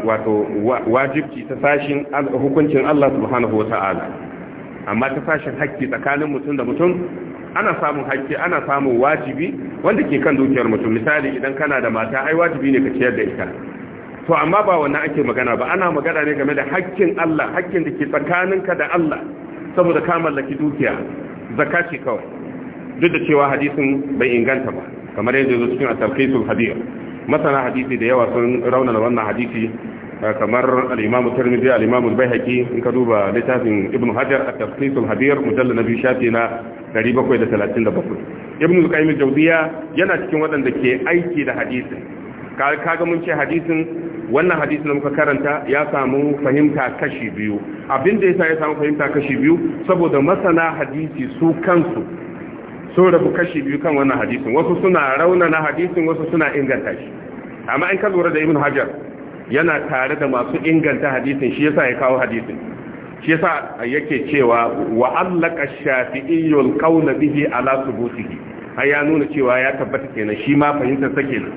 wato wajibci ta sashin hukuncin Allah subhanahu wata'ala amma ta sashin haƙƙi tsakanin mutum da mutum ana samun haƙƙi ana samun wajibi wanda ke kan dukiyar mutum misali idan kana da mata ai wajibi ne ka ciyar da ita to amma ba wannan ake magana ba ana magana ne game da hakkin Allah hakkin da ke tsakaninka da Allah saboda ka mallaki dukiya zakka ce kawai duk da cewa hadisin bai inganta ba kamar yadda zo cikin at-talqisul hadith masana hadisi da yawa sun raunana wannan hadisi eh, kamar al-imam tirmidhi al-imam baihaqi in ka duba littafin ibn hajar at-talqisul hadith na biyu shafi na 737 ibn al-qayyim al-jawziya yana cikin waɗanda ke aiki da hadisin kaga mun ce hadisin wannan hadisin da muka karanta ya samu fahimta kashi biyu abin da yasa ya samu fahimta kashi biyu saboda masana hadisi su kansu sun rabu kashi biyu kan wannan hadisin wasu suna raunana hadisin wasu suna inganta shi amma in ka lura da ibn hajar yana tare da masu inganta hadisin shi yasa ya kawo hadisin shi yasa yake cewa wa allaka shafi'iyul qawla bihi ala subutihi ai ya nuna cewa ya tabbata kenan shi ma fahimtar sa kenan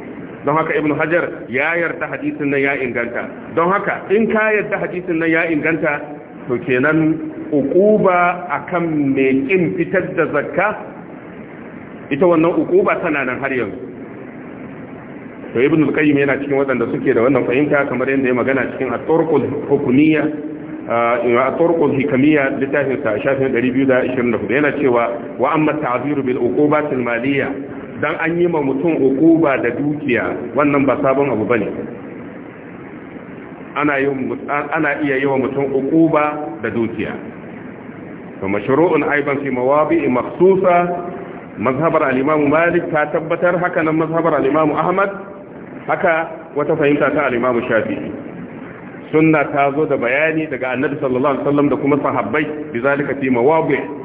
don haka ibn hajar ya yarda hadisin nan ya inganta don haka in ka yarda hadisin nan ya inganta to kenan ukuba akan mai kin fitar da zakka ita wannan ukuba tana nan har yanzu to ibn al-qayyim yana cikin waɗanda suke da wannan fahimta kamar yadda ya magana cikin at-turqul hukumiyya eh, at-turqul hikamiyya littafin sa shafin 224 yana cewa wa amma ta'ziru bil uqubat al-maliyya dan an yi ma mutum ukuba da dukiya wannan ba sabon abu ba ne. ana iya yi wa mutum ukuba da dukiya to mashru'un aiban fi mawabi'i makhsusa mazhabar Alimamu malik ta tabbatar haka nan mazhabar Alimamu ahmad haka wata fahimta ta Alimamu Shafi shafi'i sunna ta zo da bayani daga annabi sallallahu alaihi wasallam da kuma sahabbai bizalika fi mawabi'i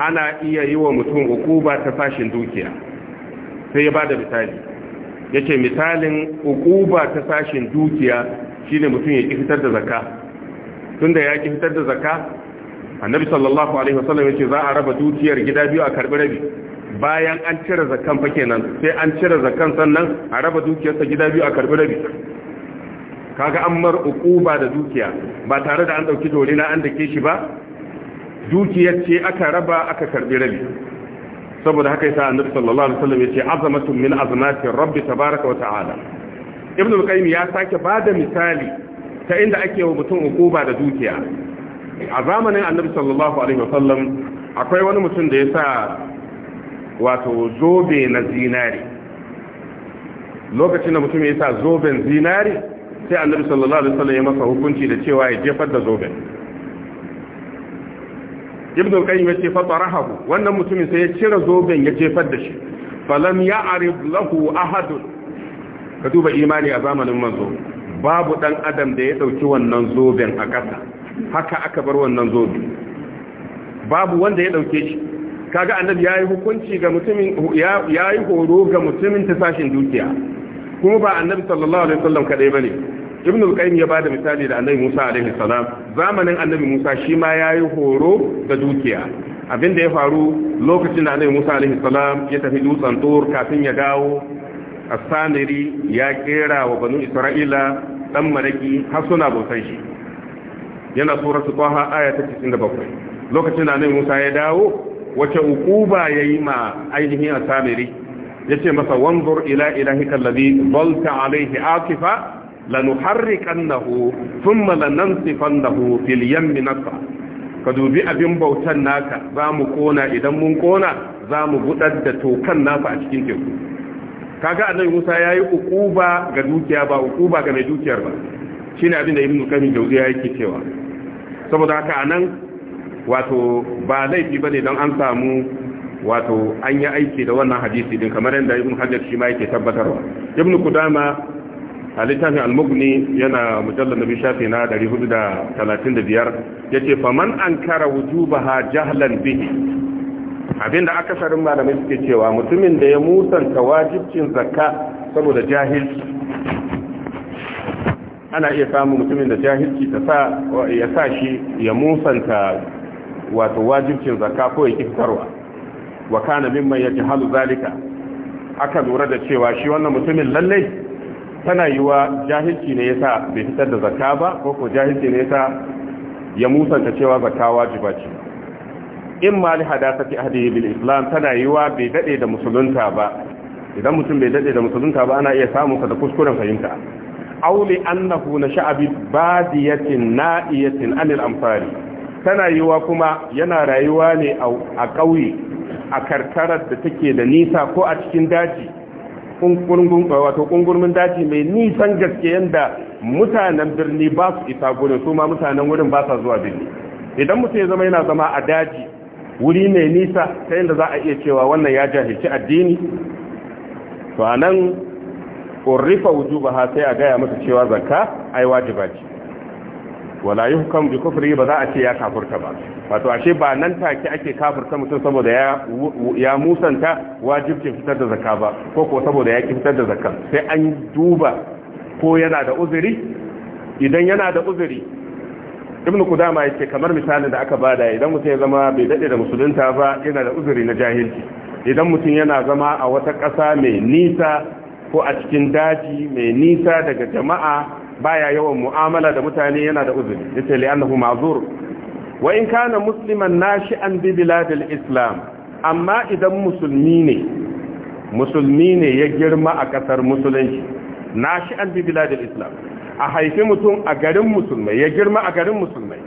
ana iya yi wa mutum hukuba ta sashin dukiya sai ya bada misali yace misalin hukuba ta sashin dukiya shine mutum ya kifitar da zakka tunda ya kifitar da zakka annabi sallallahu alaihi wasallam yace za a raba dukiyar gida biyu a karbi rabi bayan an cire zakan fa kenan sai an cire zakan sannan a raba dukiyarsa gida biyu a karbi rabi kaga an mar ukuba da dukiya ba tare da an dauki dole na an dake shi ba dukiyar ce aka raba aka karbi rabi saboda haka yasa annabi sallallahu alaihi wasallam yace azamatun min azamati rabbi tabaaraka wa ta'ala ibnu qayyim ya sake bada misali ta inda ake wa mutum ukuba da dukiya a zamanin annabi sallallahu alaihi wasallam akwai wani mutum da ya sa wato zobe na zinari lokacin da mutum ya sa zoben zinari sai annabi sallallahu alaihi wasallam ya masa hukunci da cewa ya jefar da zoben ibn qayyim yace fa tarahu wannan mutumin sai ya cire zoben ya jefar da shi falam ya'rif lahu ahad ka duba imani a zamanin manzo babu dan adam da ya dauki wannan zoben a kasa haka aka bar wannan zobe babu wanda ya dauke shi kaga annabi yayi hukunci ga mutumin yayi horo ga mutumin tasashin dukiya kuma ba annabi sallallahu alaihi wasallam kadai bane ibn al-qayyim ya bada misali da annabi Musa alaihi salam zamanin annabi Musa shi ma yayi horo da dukiya abinda ya faru lokacin da annabi Musa alaihi salam ya tafi dutsen tur kafin ya dawo as-saniri ya kera wa banu isra'ila dan maraki har suna shi yana suratu taha aya ta 97 lokacin da annabi Musa ya dawo wace ukuba yayi ma ainihin as ya yace masa wanzur ila ilahika alladhi dalta alaihi akifa lanuharriqannahu thumma lanansifannahu fil yammi nasfa ka dubi abin bautan naka zamu kona idan mun kona zamu budar da tokan nasa a cikin teku kaga annabi Musa yayi ukuba ga dukiya ba ukuba ga mai dukiyar ba shine abin da ibnu qayyim ya yake cewa saboda haka anan wato ba laifi bane dan an samu wato an yi aiki da wannan hadisi din kamar yadda ibn hajar shi ma yake tabbatarwa ibn kudama a littafin almugni yana mujallar nabi shafi na 435 ya ce faman an kara wujubaha jahlan bihi abinda akasarin malamai suke cewa mutumin da ya musanta wajibcin zakka saboda jahilci ana iya samun mutumin da jahilci ya sa shi ya musanta wato wajibcin zakka ko ya kifarwa wa kana mimman ya jihalu zalika aka lura da cewa shi wannan mutumin lallai tana yi wa jahilci ne yasa bai fitar da zakka ba ko ko jahilci ne yasa ya musanta cewa zakka wajiba ce in ma li hadasati ahdihi bil islam tana wa bai dade da musulunta ba idan mutum bai dade da musulunta ba ana iya samun sa da kuskuren fahimta aw annahu na sha'abi badiyatin na'iyatin anil amfari tana yi wa kuma yana rayuwa ne a ƙauye a karkarar da take da nisa ko a cikin daji Eh, wato kungurmin daji mai nisan gaske yanda mutanen birni ba su isa gurin su ma mutanen wurin ba sa zuwa birni idan mutum ya zama yana zama a daji wuri mai nisa ta yadda za a iya cewa wannan ya jahilci addini to a nan ƙorrifa wujuba ha sai a gaya masa cewa zakka ai wajiba ce wala hukam bi kufri ba za a ce ya kafurta ba wato ashe ba nan take ake kafurta mutum saboda ya ya musanta wajibcin fitar da zakka ba ko ko saboda ya fitar da zakka sai an duba ko yana da uzuri idan yana da uzuri ibnu kudama yake kamar misalin da aka bada idan mutum ya zama bai dade da musulunta ba yana da uzuri na jahilci idan mutum yana zama a wata ƙasa mai nisa ko a cikin daji mai nisa daga jama'a baya yawan mu'amala da mutane yana da uzuri yace li annahu ma'zur wa in kana musliman nashi'an bi biladil islam amma idan musulmi ne musulmi ne ya girma a kasar musulunci nashi'an bi biladil islam a haifi mutum a garin musulmai ya girma a garin musulmai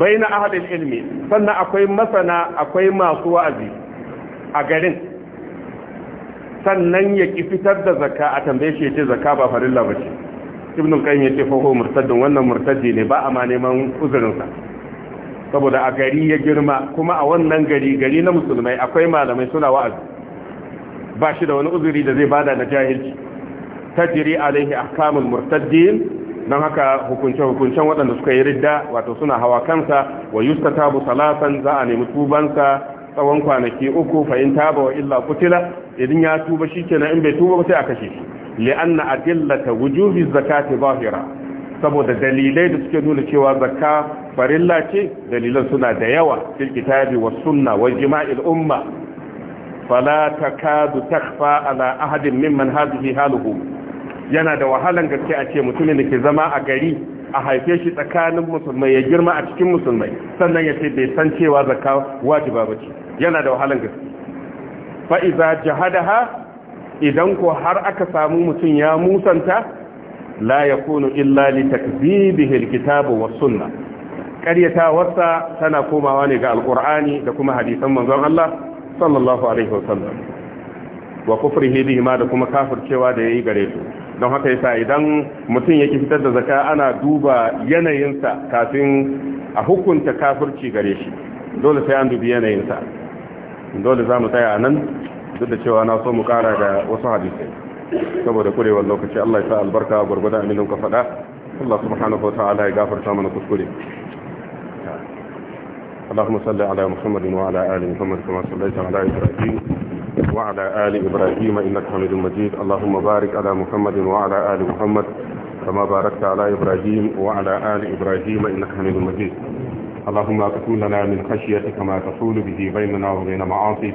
baina ahadil ilmi sannan akwai masana akwai masu wa'azi a garin sannan ya ki fitar da zakka a tambaye shi ya ce zakka ba farilla ba ce ibn al-qayyim yace fa huwa wannan murtadi ne ba a ma neman uzurin sa saboda a gari ya girma kuma a wannan gari gari na musulmai akwai malamai suna wa'azi ba shi da wani uzuri da zai bada na jahilci tajri alaihi ahkamul murtaddin don haka hukunce-hukuncen waɗanda suka yi ridda wato suna hawa kansa wa yustatabu salatan za a nemi tubansa tsawon kwanaki uku in taba wa illa kutila idan ya tuba shi in bai tuba ba sai a kashe shi li'anna adillata wujubi zakati zahira saboda dalilai da suke nuna cewa zakka farilla ce dalilan suna da yawa fil kitabi was sunna wal jima'il umma fala takadu takfa ala ahadin mimman hadhihi haluhu yana da wahalan gaske a ce mutumin da ke zama a gari a haife shi tsakanin musulmai ya girma a cikin musulmai sannan ya ce bai san cewa zakka wajiba bace yana da wahalan gaske fa iza jahadaha idan ko har aka samu mutum ya musanta la kunu illa li takzibihi alkitab was sunnah wasa tana komawa ne ga alqur'ani da kuma hadisan manzon Allah sallallahu alaihi wasallam wa kufrihi bihi ma da kuma kafircewa da yayi gare su don haka yasa idan mutum yake fitar da zaka ana duba yanayinsa kafin a hukunta kafirci gare shi dole sai an dubi yanayinsa dole za mu tsaya nan duk da cewa na so mu kara da wasu hadisai saboda kurewar lokaci Allah ya sa albarka gurgurda aminin ka faɗa Allah subhanahu wa ta'ala ya gafarta mana kuskure اللهم صل على محمد وعلى آل محمد كما صليت على إبراهيم وعلى آل إبراهيم إنك حميد مجيد اللهم بارك على محمد وعلى آل محمد كما باركت على إبراهيم وعلى آل إبراهيم إنك حميد مجيد اللهم أكون لنا من خشيتك ما تحول به بيننا وبين معاصيك